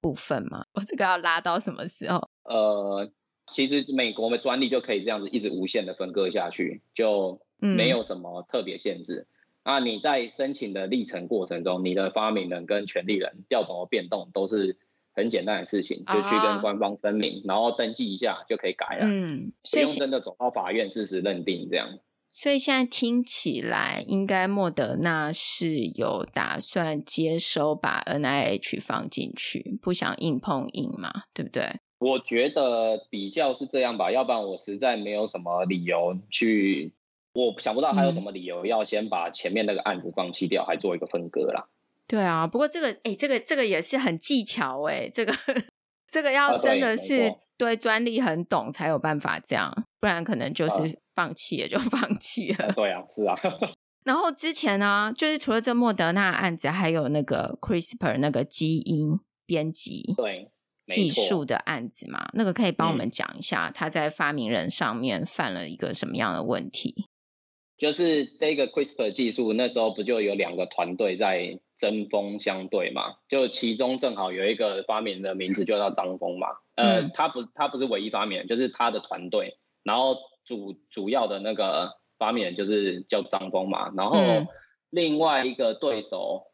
部分嘛。我這個要拉到什麼時候？呃，其實美國的專利就可以這樣子一直無限的分割下去，就。沒有什麼特別限制。嗯、啊，你在申請的歷程過程中，你的發明人跟權利人調走了變動都是很簡單的事情，就去跟官方聲明，哦、然後登記一下就可以改了。嗯，所以，不用真的走到法院事實認定這樣。所以現在聽起來，應該莫德納是有打算接收把 NIH 放進去，不想硬碰硬嘛，對不對？我覺得比較是這樣吧，要不然我實在沒有什麼理由去。我想不到還有什麼理由要先把前面那個案子放棄掉，嗯，還做一個分割啦。對啊，不過這個，哎，欸，這個這個也是很技巧哎，欸，這個 這個要真的是對專利很懂才有辦法這樣，不然可能就是放棄也就放棄了，嗯。對啊，是啊。 然後之前呢，就是除了這莫德納案子，還有那個 CRISPR 那個基因編輯對技術的案子嘛，那個可以幫我們講一下，嗯，他在發明人上面犯了一個什麼樣的問題？就是這個 CRISPR 技術，那時候不就有兩個團隊在針鋒相對嘛？就其中正好有一個發明人的名字就叫張峰嘛。呃、嗯，他不，他不是唯一發明人，就是他的團隊。然後主主要的那個發明人就是叫張峰嘛。然後另外一個對手，嗯、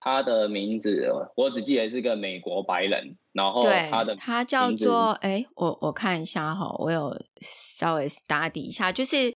他的名字我只記得是個美國白人。然後他的名字對他叫做哎、欸，我我看一下哈，我有稍微 study 一下，就是。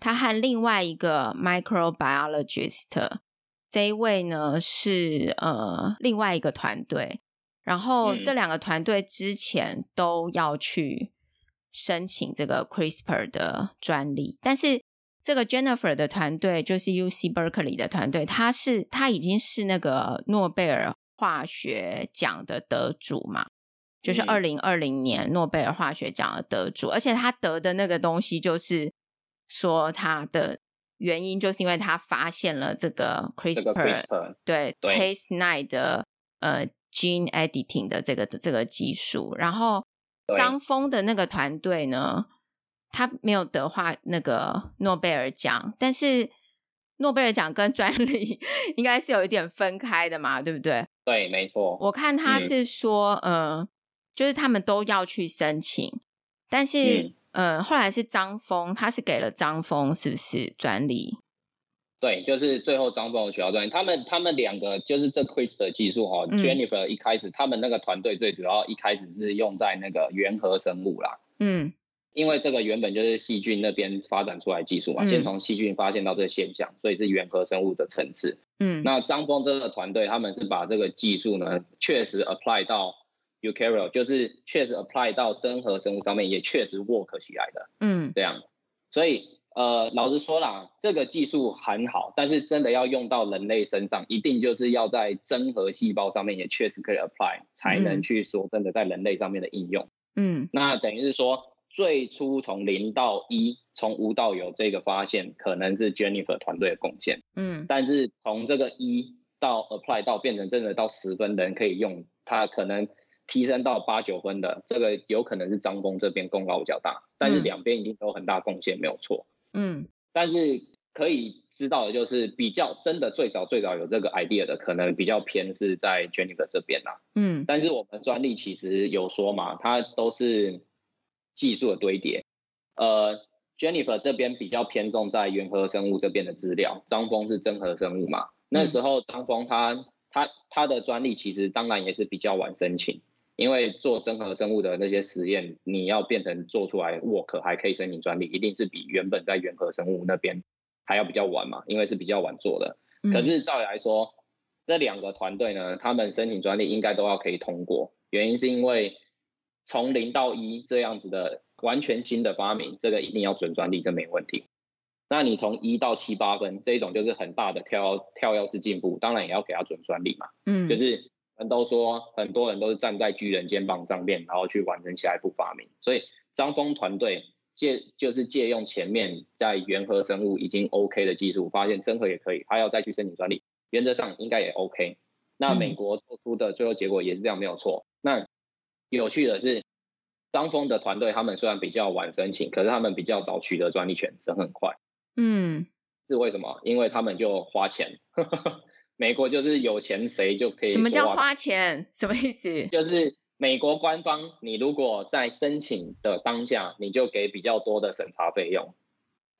他和另外一個 microbiologist 這一位呢，是呃另外一個團隊，然後、嗯、這兩個團隊之前都要去申請這個 CRISPR 的專利，但是這個 Jennifer 的團隊就是 UC Berkeley 的團隊，他是他已經是那個諾貝爾化學獎的得主嘛，就是二零二零年諾貝爾化學獎的得主，嗯，而且他得的那個東西就是。說他的原因就是因為他發現了這個 CRISPR，對 Cas9 的呃 gene editing 的這個這個技術。然後張峰的那個團隊呢，他沒有得話那個諾貝爾獎，但是諾貝爾獎跟專利應該是有一點分開的嘛，對不對？對，沒錯。我看他是說，嗯、呃，就是他們都要去申請，但是。嗯嗯，後來是張峰，他是給了張峰，是不是專利？對，就是最後張峰有取得專利。他們他們兩個就是這 CRISPR 技術哦，嗯，Jennifer 一開始他們那個團隊最主要一開始是用在那個原核生物啦，嗯，因為這個原本就是細菌那邊發展出來技術嘛，嗯，先從細菌發現到這個現象，所以是原核生物的層次。嗯，那張峰這個團隊他們是把這個技術呢，確實 apply 到。eukaryote 就是確實 apply 到真核生物上面，也確實 work 起來的。嗯，這樣，所以呃，老實說啦，這個技術很好，但是真的要用到人類身上，一定就是要在真核細胞上面也確實可以 apply，才能去說真的在人類上面的應用。嗯，那等於是說，最初從零到一，從無到有這個發現可能是 Jennifer 團隊的貢獻。嗯，但是從這個一到 apply 到變成真的到十分人可以用，它可能。提升到八九分的，這個有可能是張峰這邊功勞較大，但是兩邊已經都有很大貢獻，沒有錯。嗯，但是可以知道的就是，比較真的最早最早有這個 idea 的，可能比較偏是在 Jennifer 這邊吶、啊。嗯，但是我們專利其實有說嘛，它都是技術的堆疊。呃，Jennifer 這邊比較偏重在原核生物這邊的資料，張峰是真核生物嘛？那時候張峰他他他的專利其實當然也是比較晚申請。因為做真核生物的那些實驗，你要變成做出來 work，還可以申請專利，一定是比原本在原核生物那邊還要比較晚嘛，因為是比較晚做的。嗯。可是照理來說，這兩個團隊呢，他們申請專利應該都要可以通過。原因是因為從零到一這樣子的完全新的發明，這個一定要准專利，這沒問題。那你從一到七八分這種就是很大的跳躍跳躍式進步，當然也要給他准專利嘛。嗯，就是。人都說，很多人都是站在巨人肩膀上面，然後去完成下一步發明。所以張峰團隊借就是借用前面在原核生物已經 OK 的技術，發現真核也可以。他要再去申請專利，原則上應該也 OK。那美國做出的最後結果也是這樣，沒有錯。那有趣的是，張峰的團隊他們雖然比較晚申請，可是他們比較早取得專利權，真很快。嗯，是為什麼？因為他們就花錢。 美國就是有錢誰就可以。什麼叫花錢？什麼意思？就是美國官方，你如果在申請的當下，你就給比較多的審查費用，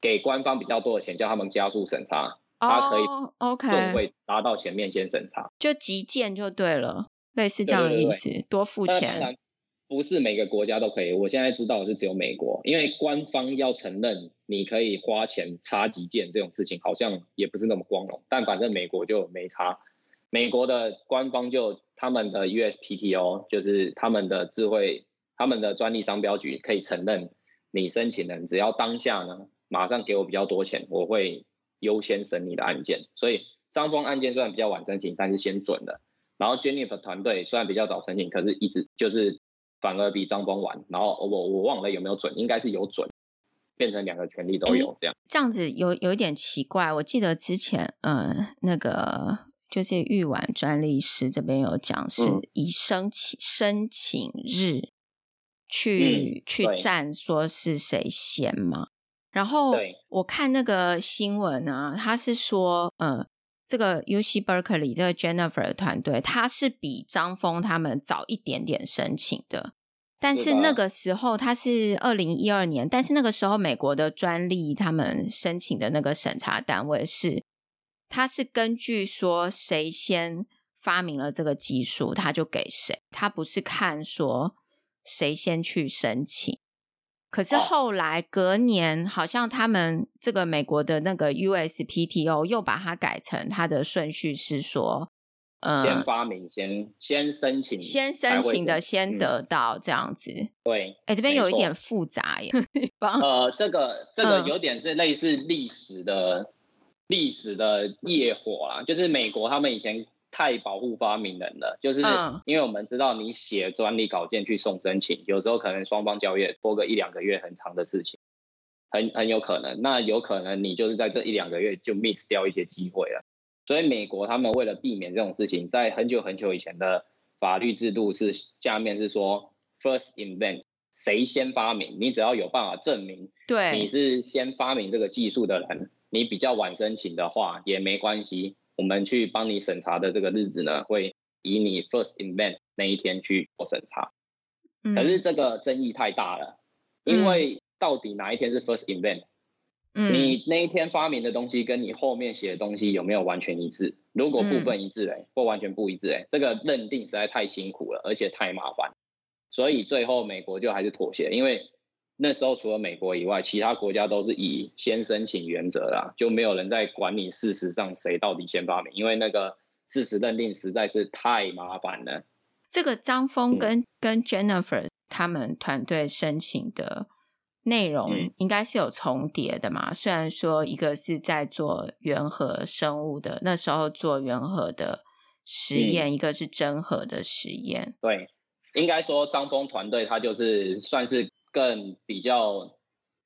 給官方比較多的錢，叫他們加速審查，他可以、oh, OK 就會拿到前面先審查，就急件就對了，類似這樣的意思，對對對對，多付錢。不是每個國家都可以，我現在知道的是，只有美國，因為官方要承認你可以花錢插幾件這種事情，好像也不是那麼光榮。但反正美國就沒差，美國的官方就他們的 USPTO，就是他們的智慧，他們的專利商標局可以承認你申請人，只要當下呢，馬上給我比較多錢，我會優先審你的案件。所以張鋒案件雖然比較晚申請，但是先准的。然後 Jennifer 團隊雖然比較早申請，可是一直就是。反而比張鋒晚，然後我我忘了有沒有准，應該是有准，變成兩個權利都有這樣。這樣子有有一點奇怪，我記得之前嗯，那個就是余專專利師這邊有講是以申請、嗯、申請日去、嗯、去佔說是誰先嘛，然後我看那個新聞啊，他是說嗯。這個 UC Berkeley 這個 Jennifer 的團隊，他是比張峰他們早一點點申請的，但是那個時候他是二零一二年，但是那個時候美國的專利他們申請的那個審查單位是，他是根據說誰先發明了這個技術，他就給誰，他不是看說誰先去申請。可是後來隔年，哦，好像他們這個美國的那個 USPTO 又把它改成它的順序是說，呃，先發明先先申請，先申請的先得到這樣子。嗯、對，哎，欸，這邊有一點複雜耶。 呃，這個這個有點是類似歷史的歷，嗯、史的業火啊，就是美國他們以前。太保護發明人了，就是因為我們知道你寫專利稿件去送申請，uh. 有時候可能雙方交易拖個一兩個月很長的事情，很很有可能，那有可能你就是在這一兩個月就 miss 掉一些機會了。所以美國他們為了避免這種事情，在很久很久以前的法律制度是下面是說 first invent 誰先發明，你只要有辦法證明對你是先發明這個技術的人，你比較晚申請的話也沒關係。我們去幫你審查的這個日子呢，會以你 First Invent 那一天去做審查。可是這個爭議太大了，因為到底哪一天是 First Invent？你那一天發明的東西跟你後面寫的東西有沒有完全一致？如果部分一致哎、欸，或完全不一致哎、欸，這個認定實在太辛苦了，而且太麻煩，所以最後美國就還是妥協，因為，那時候除了美國以外，其他國家都是以先申請原則啦、啊，就沒有人在管理你事實上誰到底先發明，因為那個事實認定實在是太麻煩了。這個張峰跟、嗯、跟 Jennifer 他們團隊申請的內容應該是有重疊的嘛、嗯？雖然說一個是在做原核生物的，那時候做原核的實驗，嗯、一個是真核的實驗。對，應該說張峰團隊他就是算是。更比較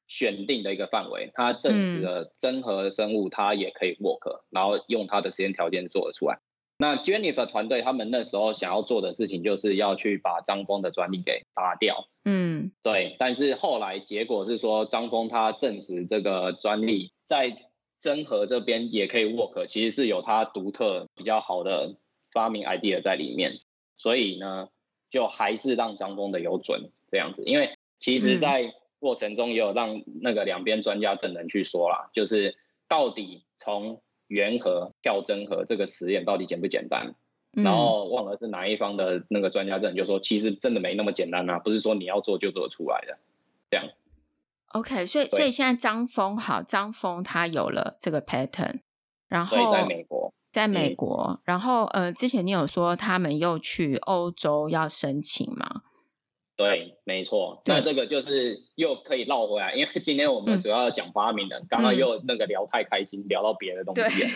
選定的一個範圍，他證實了真核生物它也可以 work，嗯，然後用它的實驗條件做出來。那 Jennifer 團隊他們那時候想要做的事情，就是要去把張峰的專利給打掉。嗯，對。但是後來結果是說，張峰他證實這個專利在真核這邊也可以 work，其實是有他獨特比較好的發明 idea 在裡面，所以呢，就還是讓張峰的有准這樣子，因為。其實，在過程中也有讓那個兩邊專家證人去說啦、嗯，就是到底從原核跳真核這個實驗到底簡不簡單、嗯？然後忘了是哪一方的那個專家證人就說，其實真的沒那麼簡單啊，不是說你要做就做出來的，這樣。OK，所以所以現在張峰好，張峰他有了這個 patent，然後在美國，在美國，嗯、然後呃，之前你有說他們又去歐洲要申請嗎？對，沒錯。那這個就是又可以繞回來、嗯，因為今天我們主要講發明人，剛、嗯、剛又那個聊太開心，嗯、聊到別的東西、啊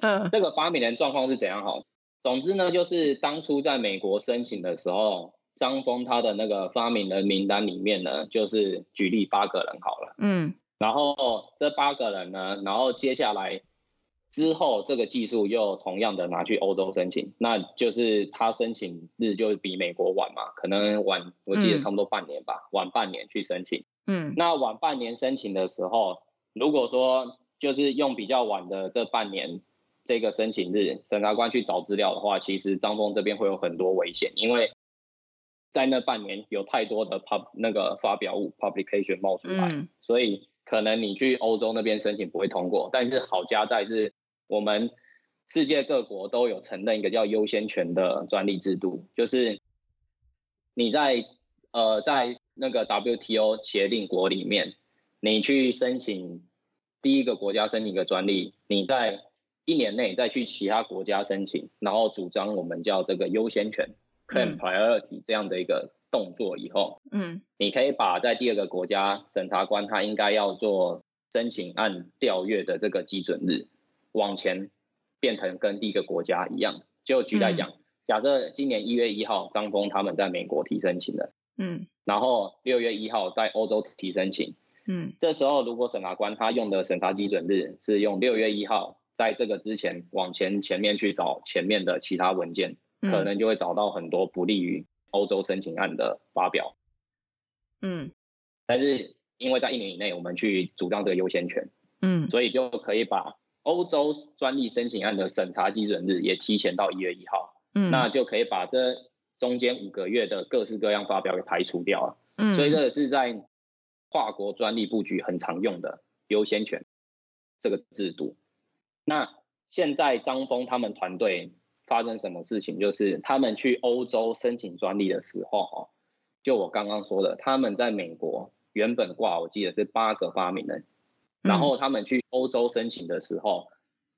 嗯、這個發明人狀況是怎樣？好，總之呢，就是當初在美國申請的時候，張峰他的那個發明人名單裡面呢，就是舉例八個人好了。嗯。然後這八個人呢，然後接下來。之後，這個技術又同樣的拿去歐洲申請，那就是他申請日就比美國晚嘛，可能晚，我記得差不多半年吧，嗯，晚半年去申請。嗯，那晚半年申請的時候，如果說就是用比較晚的這半年這個申請日，審查官去找資料的話，其實張峰這邊會有很多危險，因為在那半年有太多的 pub 那個發表物 publication 冒出來，嗯，所以可能你去歐洲那邊申請不會通過，但是好佳在是。我們世界各國都有承認一個叫優先權的專利制度，就是你在呃在那個 WTO 協定國裡面，你去申請第一個國家申請的專利，你在一年內再去其他國家申請，然後主張我們叫這個優先權 claim priority 這樣的一個動作以後，嗯，你可以把在第二個國家審查官他應該要做申請案調閱的這個基準日往前變成跟第一個國家一樣，就舉例來講，假設今年一月一號張峰他們在美國提申請的，嗯，然後六月一號在歐洲提申請，嗯，這時候如果審查官他用的審查基準日是用六月一號，在這個之前往前前面去找前面的其他文件，嗯，可能就會找到很多不利於歐洲申請案的發表，嗯，但是因為在一年以內我們去主張這個優先權，嗯，所以就可以把歐洲專利申請案的審查基準日也提前到一月一號，嗯，那就可以把這中間五個月的各式各樣發表給排除掉了，嗯，所以這是在跨國專利布局很常用的優先權這個制度。那現在張峰他們團隊發生什麼事情？就是他們去歐洲申請專利的時候，哦，就我剛剛說的，他們在美國原本掛，我記得是八個發明人。然後他們去歐洲申請的時候，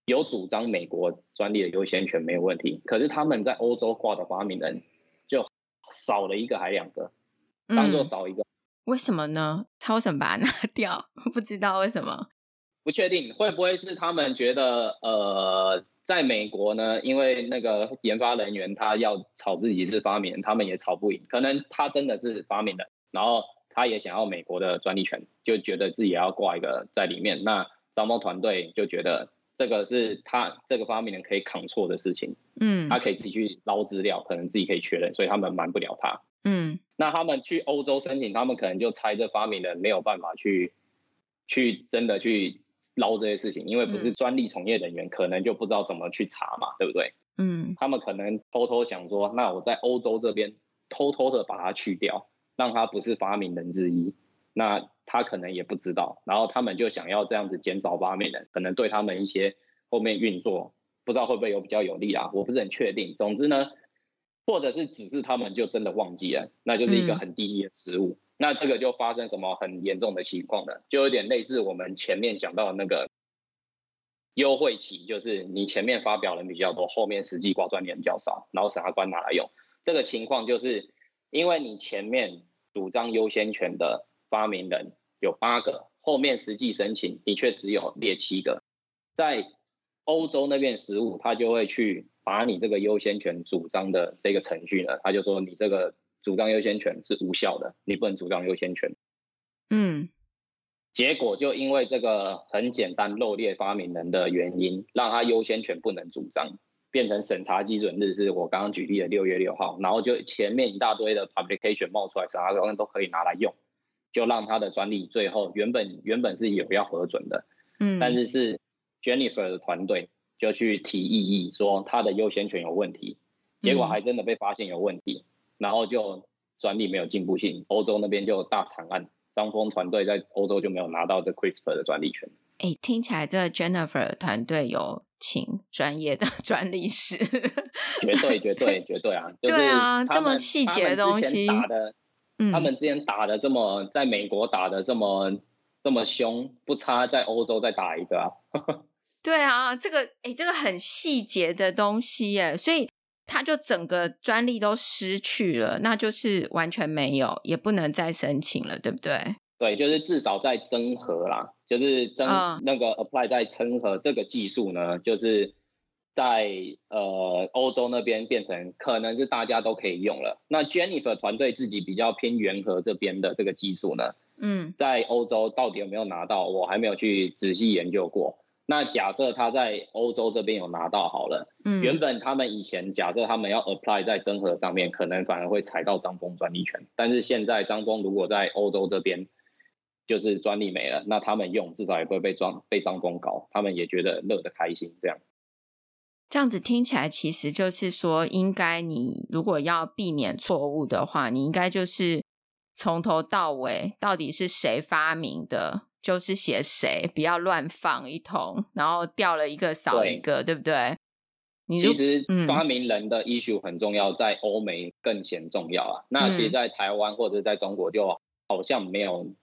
有主張美國專利的優先權沒有問題。可是他們在歐洲掛的發明人就少了一個還兩個，當做少一個、嗯。為什麼呢？想他為什麼把它拿掉？不知道為什麼，不確定會不會是他們覺得呃，在美國呢，因為那個研發人員他要吵自己是發明人，他們也吵不贏。可能他真的是發明人，然後。他也想要美國的專利權，就覺得自己也要掛一個在裡面。那招貓團隊就覺得這個是他這個發明人可以扛錯的事情，嗯，他可以自己去撈資料，可能自己可以確認，所以他們瞞不了他，嗯。那他們去歐洲申請，他們可能就猜這發明人沒有辦法去去真的去撈這些事情，因為不是專利從業人員，嗯，可能就不知道怎麼去查嘛，對不對？嗯。他們可能偷偷想說，那我在歐洲這邊偷偷的把它去掉。讓他不是發明人之一，那他可能也不知道。然後他們就想要這樣子減少發明人，可能對他們一些後面運作不知道會不會有比較有利啊？我不是很確定。總之呢，或者是只是他們就真的忘記了，那就是一個很低級的失誤。嗯。那這個就發生什麼很嚴重的情況呢？就有點類似我們前面講到的那個優惠期，就是你前面發表人比較多，後面實際掛專利人比較少，然後審查官拿來用，這個情況就是。因為你前面主張優先權的發明人有八個，後面實際申請你卻只有列七個，在歐洲那邊實務，他就會去把你這個優先權主張的這個程序呢，他就說你這個主張優先權是無效的，你不能主張優先權。嗯，結果就因為這個很簡單漏列發明人的原因，讓他優先權不能主張。變成審查基準日是我剛剛舉例的六月六號，然後就前面一大堆的 publication 冒出來，其他東西都可以拿來用，就讓他的專利最後原本原本是有要核准的，嗯，但是是 Jennifer 的團隊就去提異議，議，說他的優先權有問題，結果還真的被發現有問題，嗯嗯，然後就專利沒有進步性，歐洲那邊就大慘案，張峰團隊在歐洲就沒有拿到這 CRISPR 的專利權。哎，聽起來，這個 Jennifer 團隊有請專業的專利師，絕對絕對絕對啊！對啊，就是他們，這麼細節的東西，他們之前打的，嗯、他們之前打的這麼，在美國打的這麼這麼兇，不差在歐洲再打一個啊！ 對啊，這個哎，這個很細節的東西耶，所以他就整個專利都失去了，那就是完全沒有，也不能再申請了，對不對？對，就是至少在爭和啦。嗯就是真那個 apply 在真核這個技術呢，就是在呃歐洲那邊變成可能是大家都可以用了。那 Jennifer 團隊自己比較偏原核這邊的這個技術呢，嗯，在歐洲到底有沒有拿到？我還沒有去仔細研究過。那假設他在歐洲這邊有拿到好了，嗯，原本他們以前假設他們要 apply 在真核上面，可能反而會踩到張峰專利權。但是現在張峰如果在歐洲這邊。就是專利沒了，那他們用至少也會被裝被張工搞，他們也覺得樂得開心這樣。這樣子聽起來，其實就是說，應該你如果要避免錯誤的話，你應該就是從頭到尾，到底是誰發明的，就是寫誰，不要亂放一通，然後掉了一個少一個，對，對不對？其實發明人的 issue 很重要，嗯，在歐美更顯重要啊。那其實，在台灣或者在中國，就好像沒有。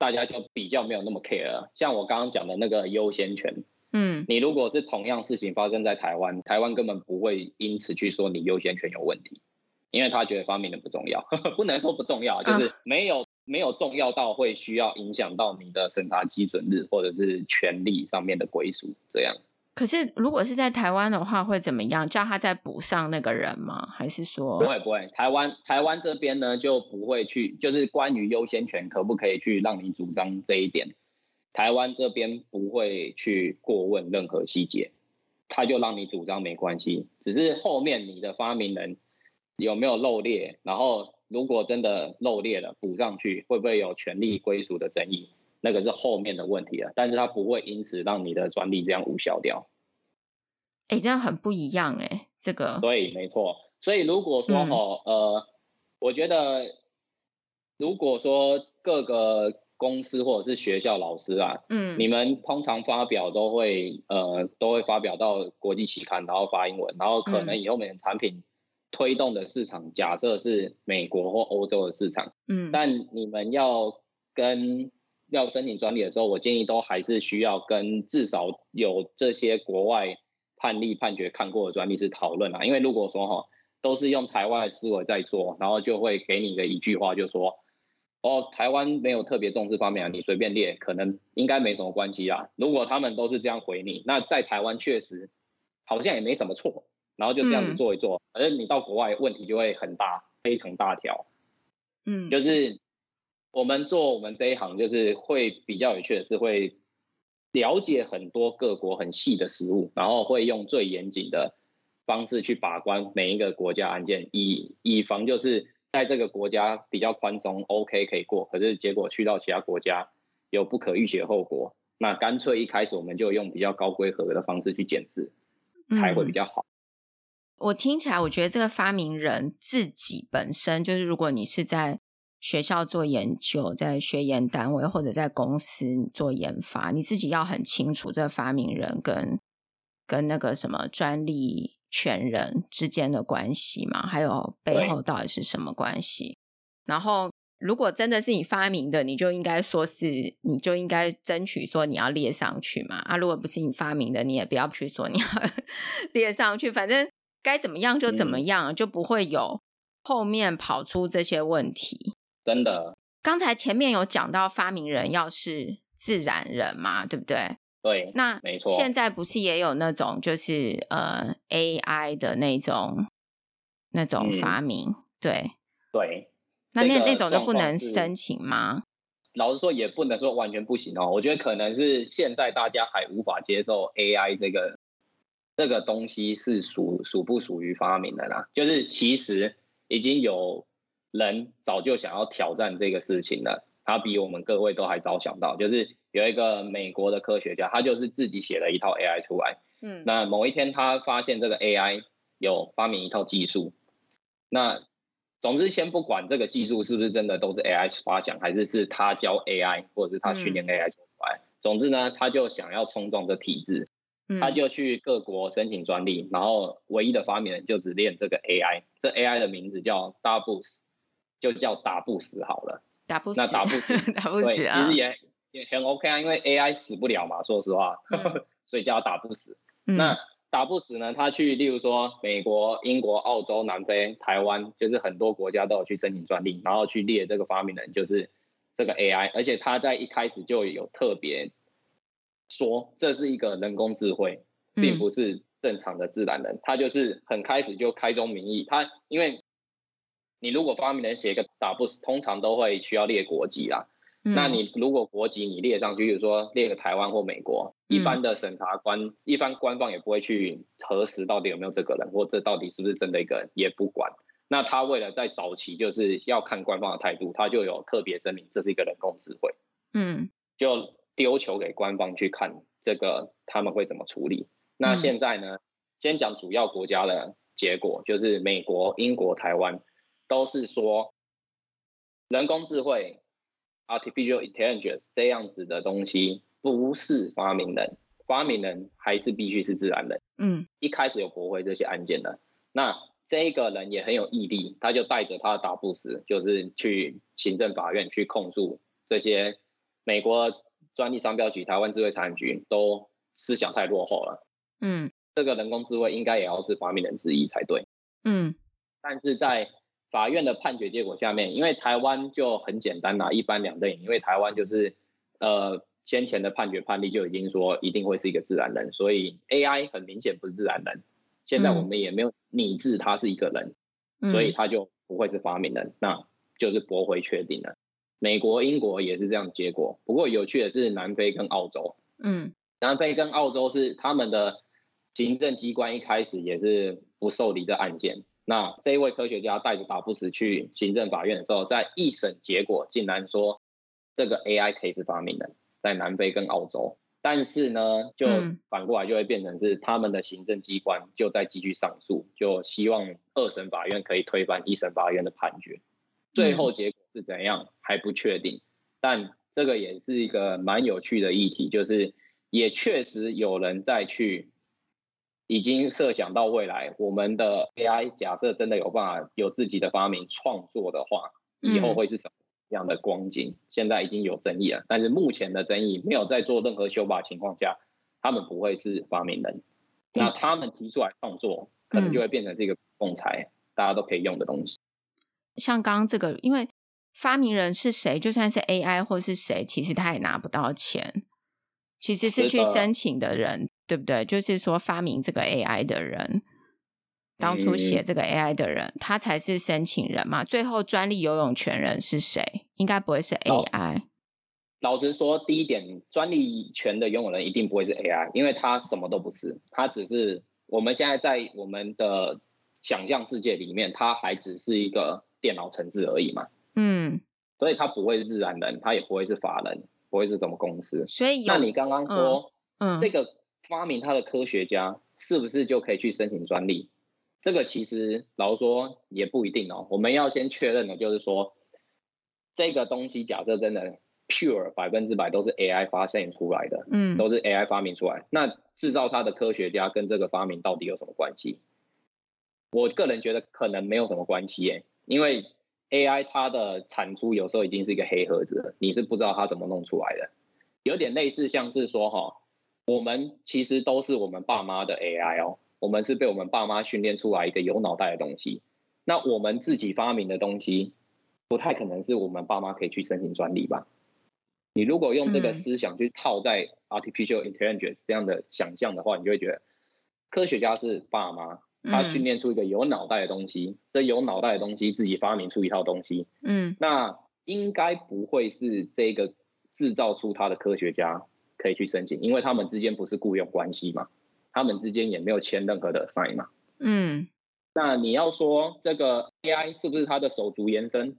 大家就比較沒有那麼 care，像我剛剛講的那個優先權，嗯，你如果是同樣事情發生在台灣，台灣根本不會因此去說你優先權有問題，因為他覺得發明人不重要， 不能說不重要，就是沒有、uh. 沒有重要到會需要影響到你的審查基準日或者是權利上面的歸屬這樣。可是，如果是在台灣的話，會怎麼樣？叫他再補上那個人嗎？還是說不會不會？台灣台灣這邊呢，就不會去，就是關於優先權可不可以去讓你主張這一點，台灣這邊不會去過問任何細節，他就讓你主張沒關係。只是後面你的發明人有沒有漏列，然後如果真的漏列了，補上去會不會有權利歸屬的爭議？那個是後面的問題了，但是它不會因此讓你的專利這樣無效掉。哎、欸，這樣很不一樣哎、欸，這個。對，沒錯。所以如果說哈、嗯哦，呃，我覺得如果說各個公司或者是學校老師啊，嗯，你們通常發表都會呃都會發表到國際期刊，然後發英文，然後可能以後面產品推動的市場、嗯、假設是美國或歐洲的市場，嗯，但你們要跟要申請專利的時候，我建議都還是需要跟至少有這些國外判例判決看過的專利師討論啊。因為如果說哈，都是用台灣的思維在做，然後就會給你的一,一句話，就說哦，台灣沒有特別重視方面，你隨便列，可能應該沒什麼關係啊。如果他們都是這樣回你，那在台灣確實好像也沒什麼錯，然後就這樣子做一做，反正、嗯、你到國外問題就會很大，非常大條。嗯，就是。我們做我們這一行，就是會比較有趣的是會了解很多各國很細的事物，然後會用最嚴謹的方式去把關每一個國家案件，以以防就是在這個國家比較寬鬆，OK 可以過，可是結果去到其他國家有不可預期的後果，那乾脆一開始我們就用比較高規格的方式去檢測、嗯、才會比較好。我聽起來，我覺得這個發明人自己本身就是，如果你是在。學校做研究，在學研單位或者在公司做研發，你自己要很清楚這發明人跟跟那個什麼專利權人之間的關係嘛，還有背後到底是什麼關係。然後，如果真的是你發明的，你就應該說是，你就應該爭取說你要列上去嘛。啊，如果不是你發明的，你也不要去說你要 列上去，反正該怎麼樣就怎麼樣，嗯、就不會有後面跑出這些問題。真的，剛才前面有講到發明人要是自然人嘛，對不對？對，那沒錯。現在不是也有那種就是呃 AI 的那種那種發明，嗯，對，對。那、這個、那那種就不能申請嗎？老實說，也不能說完全不行哦。我覺得可能是現在大家還無法接受 AI 這個這個東西是屬屬不屬於發明的啦。就是其實已經有人早就想要挑戰這個事情了，他比我們各位都還早想到，就是有一個美國的科學家，他就是自己寫了一套 AI 出來，嗯，那某一天他發現這個 AI 有發明一套技術，那總之先不管這個技術是不是真的都是 AI 發想，還是是他教 AI 或者是他訓練 AI 出來，嗯、總之呢，他就想要衝撞這體制，他就去各國申請專利，然後唯一的發明人就只列這個 AI，這 AI 的名字叫 DABUS。就叫打不死好了，打不死，那打不死，打不死，對，打不死啊，對！其實也也很 OK 啊，因為 AI 死不了嘛，說實話，嗯、呵呵所以叫打不死。嗯、那打不死呢，他去，例如說美國、英國、澳洲、南非、台灣，就是很多國家都有去申請專利，然後去列這個發明人，就是這個 AI。而且他在一開始就有特別說，這是一個人工智慧，並不是正常的自然人，嗯、他就是很開始就開宗明義，他因為。你如果發明人寫個打不，通常都會需要列國籍啦、嗯。那你如果國籍你列上去，比如說列個台灣或美國，一般的審查官、嗯、一般官方也不會去核實到底有沒有這個人，或者到底是不是真的一個人也不管。那他為了在早期就是要看官方的態度，他就有特別聲明，這是一個人工智慧。嗯，就丟球給官方去看這個他們會怎麼處理。那現在呢，嗯、先講主要國家的結果，就是美國、英國、台灣。都是說，人工智慧 （artificial intelligence） 這樣子的東西不是發明人，發明人還是必須是自然人。嗯，一開始有駁回這些案件的，那這個人也很有毅力，他就帶着他的打不死，就是去行政法院去控訴這些美國專利商標局、台灣智慧財產局都思想太落後了。嗯，這個人工智慧應該也要是發明人之一才對。嗯，但是在。法院的判決結果下面，因為台灣就很簡單啦，一般兩類，因為台灣就是，呃，先前的判決判例就已經說一定會是一個自然人，所以 AI 很明顯不是自然人，現在我們也沒有擬制他是一個人，嗯，所以他就不會是發明人，那就是駁回確定了。美國、英國也是這樣的結果，不過有趣的是南非跟澳洲，嗯，南非跟澳洲是他們的行政機關一開始也是不受理這案件。那這一位科學家帶着法布什去行政法院的時候，在一審結果竟然說這個 AI 可以是發明的，在南非跟澳洲，但是呢，就反過來就會變成是他們的行政機關就在繼續上訴，就希望二審法院可以推翻一審法院的判決。最後結果是怎樣還不確定，但這個也是一個蠻有趣的議題，就是也確實有人在去。已經設想到未來，我們的 AI 假設真的有辦法有自己的發明創作的話，嗯，以後會是什麼樣的光景？現在已經有爭議了，但是目前的爭議沒有在做任何修法情況下，他們不會是發明人，嗯。那他們提出來創作，可能就會變成是一個公財，嗯、大家都可以用的東西。像剛剛這個，因為發明人是誰，就算是 AI 或是誰，其實他也拿不到錢。其實是去申請的人，的，對不對？就是說，發明這個 AI 的人，當初寫這個 AI 的人、嗯，他才是申請人嘛。最後專利擁有權人是誰？應該不會是 AI。老，老實說，第一點，專利權的擁有的人一定不會是 AI，因為他什麼都不是，他只是我們現在在我們的想象世界裡面，他還只是一個電腦程式而已嘛。嗯，所以他不會是自然人，他也不會是法人。不會是什麼公司，所以那你剛剛說，嗯嗯，這個發明它的科學家是不是就可以去申請專利？這個其實老實說也不一定哦。我們要先確認的，就是說這個東西假設真的 pure 百分之百都是 AI 發現出來的，嗯，都是 AI 發明出來，那製造它的科學家跟這個發明到底有什麼關係？我個人覺得可能沒有什麼關係耶，欸，因為。AI 它的產出有時候已經是一個黑盒子了，你是不知道它怎麼弄出來的，有點類似像是說哈，我們其實都是我們爸媽的 AI 哦，我們是被我們爸媽訓練出來一個有腦袋的東西，那我們自己發明的東西，不太可能是我們爸媽可以去申請專利吧？你如果用這個思想去套在 Artificial Intelligence 這樣的想象的話，你就會覺得科學家是爸媽。他訓練出一個有腦袋的東西，嗯，這有腦袋的東西自己發明出一套東西，嗯，那應該不會是這個製造出他的科學家可以去申請，因為他們之間不是僱傭關係嘛，他們之間也沒有簽任何的 sign 嘛，嗯，那你要說這個 AI 是不是他的手足延伸，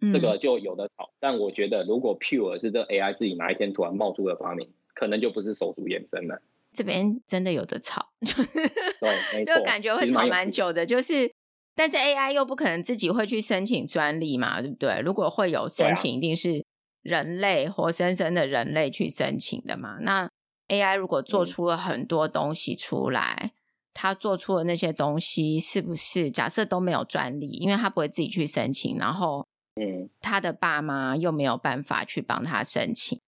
嗯，這個就有的吵，但我覺得如果 pure 是這 AI 自己哪一天突然冒出的發明，可能就不是手足延伸了。這邊真的有得吵，嗯， 就感覺會吵蠻久的，就是，但是 AI 又不可能自己會去申請專利嘛，對不對？如果會有申請，一定是人類活生生的人類去申請的嘛。那 AI 如果做出了很多東西出來，他做出的那些東西是不是假設都沒有專利？因為他不會自己去申請，然後，他的爸媽又沒有辦法去幫他申請，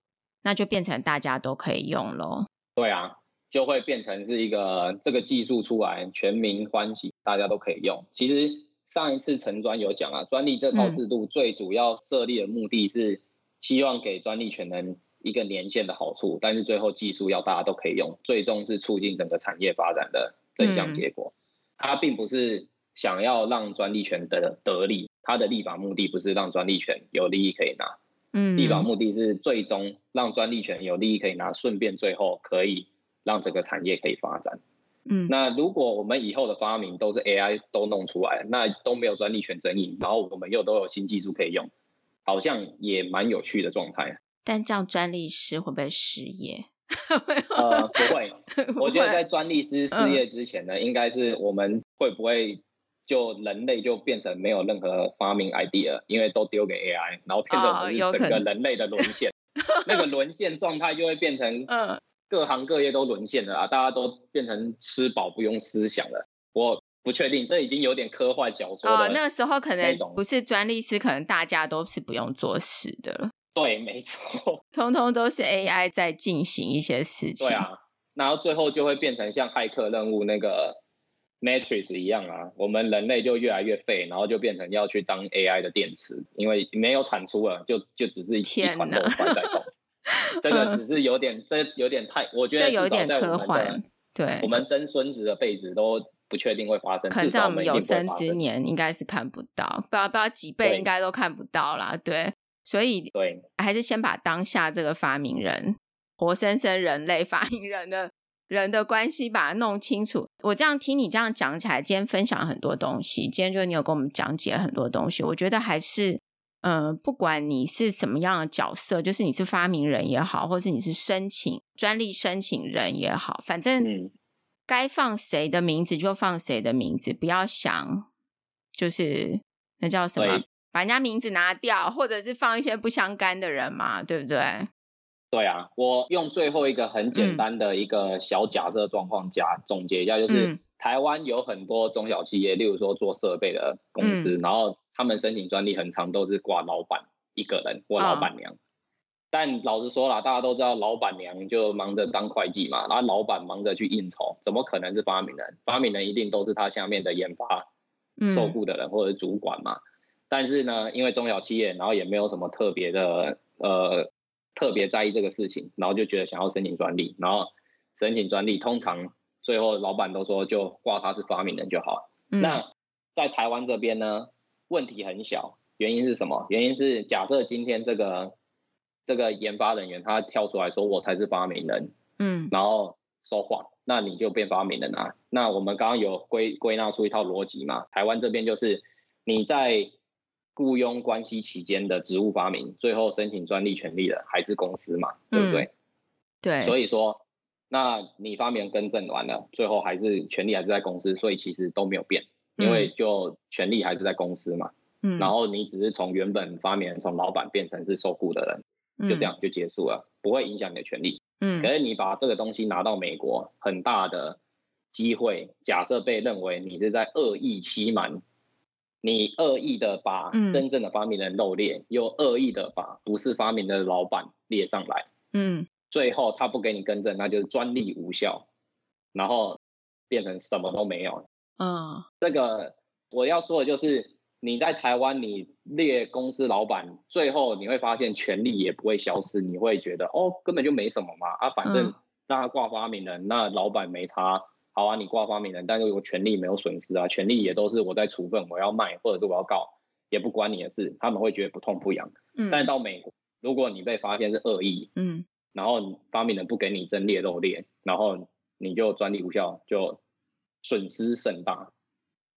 那就變成大家都可以用嘍。對啊。就會變成是一個這個技術出來全民歡喜，大家都可以用。其實上一次余專有講啊，專利這套制度最主要設立的目的是希望給專利權人一個年限的好處，但是最後技術要大家都可以用，最終是促進整個產業發展的正向結果。它並不是想要讓專利權得得利，它的立法目的不是讓專利權有利益可以拿。嗯，立法目的是最終讓專利權有利益可以拿，順便最後可以。讓整個產業可以發展。嗯，那如果我們以後的發明都是 AI 都弄出來，那都沒有專利權爭議，然後我們又都有新技術可以用，好像也蠻有趣的狀態。但這樣專利師會不會失業？ 呃，不會。我覺得在專利師失業之前呢， 應該是我們會不會就人類就變成沒有任何發明 idea， 因為都丟給 AI，然後變成我們整個人類的淪陷。哦。那個淪陷狀態就會變成 嗯。各行各業都淪陷了啊！大家都變成吃飽不用思想了。我不確定，這已經有點科幻小說了。哦，那時候可能不是專利師，是可能大家都是不用做事的了。對，沒錯，通通都是 AI 在進行一些事情。對啊，然後最後就會變成像《駭客任務》那個 Matrix 一樣啊，我們人類就越來越廢，然後就變成要去當 AI 的電池，因為沒有產出了，就就只是一團壞在動。 這個只是有點，嗯、這有點太，我覺得我這有點科幻。對，我們曾孫子的輩子都不確定會發生，可是我們有生之年應該是看不到，不知道不知道幾輩應該都看不到啦。對，對，所以對，還是先把當下這個發明人，活生生人類發明人的人的關係把它弄清楚。我這樣聽你這樣講起來，今天分享很多東西，今天就是你有跟我們講解很多東西，我覺得還是。嗯，不管你是什麼樣的角色，就是你是發明人也好，或是你是申請專利申請人也好，反正、嗯、該放誰的名字就放誰的名字，不要想就是那叫什麼，把人家名字拿掉，或者是放一些不相干的人嘛，對不對？對啊，我用最後一個很簡單的一個小假設狀況假、嗯、總結一下，就是、嗯、台灣有很多中小企業，例如說做設備的公司，嗯、然後。他們申請專利，很常都是掛老板一個人或老板娘。但老實說了，大家都知道，老板娘就忙着當會計嘛，然後老板忙着去應酬，怎麼可能是發明人？發明人一定都是他下面的研發、受僱的人或者是主管嘛。但是呢，因為中小企業，然後也沒有什麼特別的，呃，特別在意這個事情，然後就覺得想要申請專利，然後申請專利，通常最後老板都說就掛他是發明人就好了。那在台灣這邊呢？問題很小，原因是什麼？原因是假設今天這個這個研發人員他跳出來說我才是發明人，嗯，然後說謊，那你就變發明人啊。那我們剛剛有歸歸納出一套邏輯嘛？台灣這邊就是你在僱傭關係期間的職務發明，最後申請專利權利的還是公司嘛，嗯，對不對？對。所以說，那你發明更正完了，最後還是權利還是在公司，所以其實都沒有變。因為就權利還是在公司嘛，嗯，然後你只是從原本發明人從老闆變成是受僱的人，就這樣就結束了，不會影響你的權利，嗯，可是你把這個東西拿到美國，很大的機會，假設被認為你是在惡意欺瞞，你惡意的把真正的發明人漏列，又惡意的把不是發明人的老闆列上來，嗯，最後他不給你更正，那就是專利無效，然後變成什麼都沒有。嗯、oh.，這個我要說的，就是你在台灣，你列公司老板，最後你會發現權利也不會消失，你會覺得哦，根本就沒什麼嘛，啊，反正、oh. 那他掛發明人，那老板沒差，好啊，你掛發明人，但是我權利沒有損失啊，權利也都是我在處分，我要賣或者是我要告，也不關你的事，他們會覺得不痛不癢。嗯、mm.。但到美國，如果你被發現是惡意，嗯、mm.，然後發明人不給你增列漏列，然後你就專利無效就。損失甚大，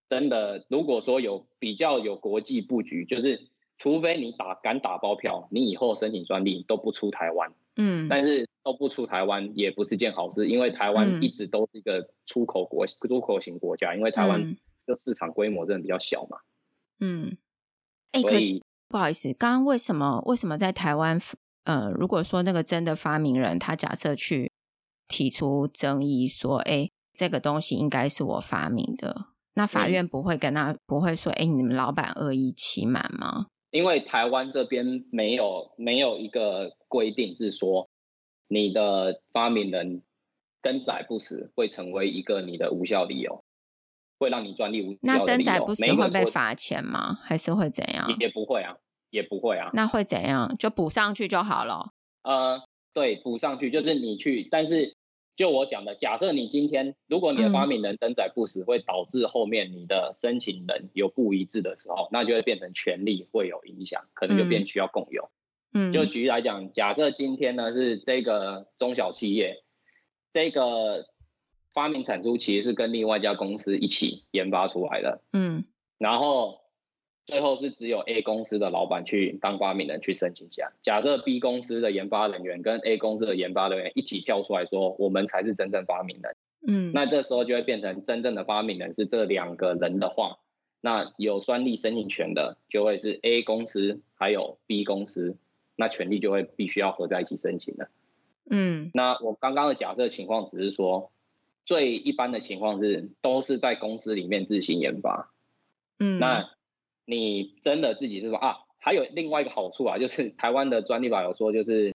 真的。如果說有比較有國際布局，就是除非你打敢打包票，你以後申請專利都不出台灣。嗯，但是都不出台灣也不是件好事，因為台灣一直都是一個出口國、嗯、出口型國家，因為台灣的市場規模真的比較小嘛。嗯，哎、欸，所以可不好意思，剛剛為什麼為什麼在台灣？呃，如果說那個真的發明人，他假設去提出爭議說，說、欸、哎。這個東西應該是我發明的，那法院不會跟他、嗯、不會說，哎，你們老板惡意欺瞞嗎？因為台灣這邊沒有沒有一個規定是說，你的發明人登載不實會成為一個你的無效理由，會讓你專利無效的。那登載不實會被罰錢嗎？還是會怎樣？也不會啊，也不會啊。那會怎樣？就補上去就好了。呃，對，補上去就是你去，但是。就我講的，假設你今天，如果你的發明人登載不實，嗯，會導致後面你的申請人有不一致的時候，那就會變成權利會有影響，可能就變需要共有。嗯，就舉例來講，假設今天呢是這個中小企業，這個發明產出其實是跟另外一家公司一起研發出來的。嗯，然後，最後是只有 A 公司的老闆去當發明人去申請下。假設 B 公司的研發人員跟 A 公司的研發人員一起跳出來說，我們才是真正發明人。嗯，那這時候就會變成真正的發明人是這兩個人的話，那有專利申請權的就會是 A 公司還有 B 公司，那權利就會必須要合在一起申請的。嗯，那我剛剛的假設情況只是說，最一般的情況是都是在公司裡面自行研發。嗯，那。你真的自己是吧？啊，還有另外一個好處啊，就是台灣的專利法有說，就是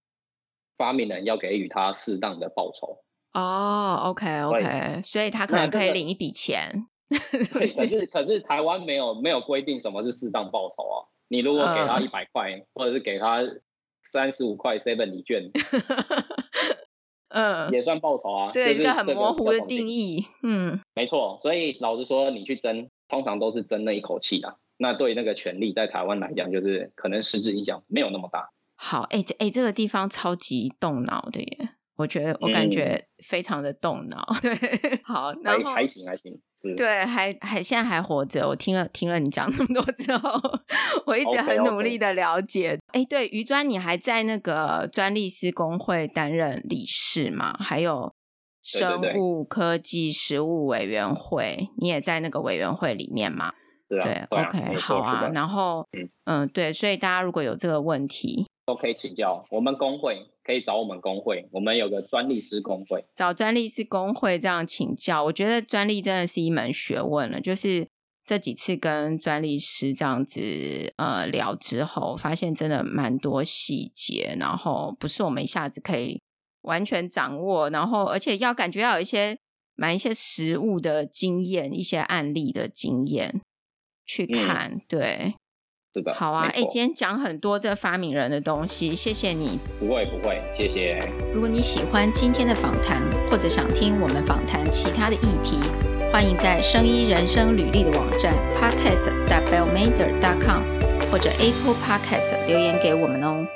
發明人要給予他適當的報酬。哦、oh，OK OK，所以，所以他可能可以領一筆錢，這個 是是。可是可是台灣沒有沒有規定什麼是適當報酬啊。你如果給他一百塊，uh, 或者是給他三十五塊 seven 禮券，嗯， 也算報酬啊。 嗯，就是、這一、個這個很模糊的定義，嗯，沒錯。所以老實說，你去爭，通常都是爭那一口氣啊。那對那個權利，在台灣來講，就是可能實質影響沒有那麼大。好，哎、欸，哎、欸，這個地方超級動腦的耶，我覺得、嗯、我感覺非常的動腦。對，好，那還，還行還行，是。對，還還現在還活着。我聽了聽了你講那麼多之後，我一直很努力的了解。哎、okay, okay. 欸，對余專，你還在那個專利師公會擔任理事嗎？還有生物科技實務委員會，對對對，你也在那個委員會裡面嗎？對，、啊對，對啊、，OK，、嗯、好，啊對啊好啊，然後，嗯，嗯對，所以大家如果有這個問題，OK，請教我們公會，可以找我們公會。我們有個專利師公會，找專利師公會這樣請教。我覺得專利真的是一門學問了。就是這幾次跟專利師這樣子呃聊之後，發現真的蠻多細節，然後不是我們一下子可以完全掌握，然後而且要感覺要有一些蠻一些實務的經驗，一些案例的經驗。去看，嗯、對，是的，好啊，哎，今天講很多這發明人的東西，謝謝你，不會不會，謝謝。如果你喜歡今天的訪談，或者想聽我們訪談其他的議題，歡迎在生醫人生旅歷的網站 podcast.biomeder.com 或者 Apple Podcast 留言給我們哦。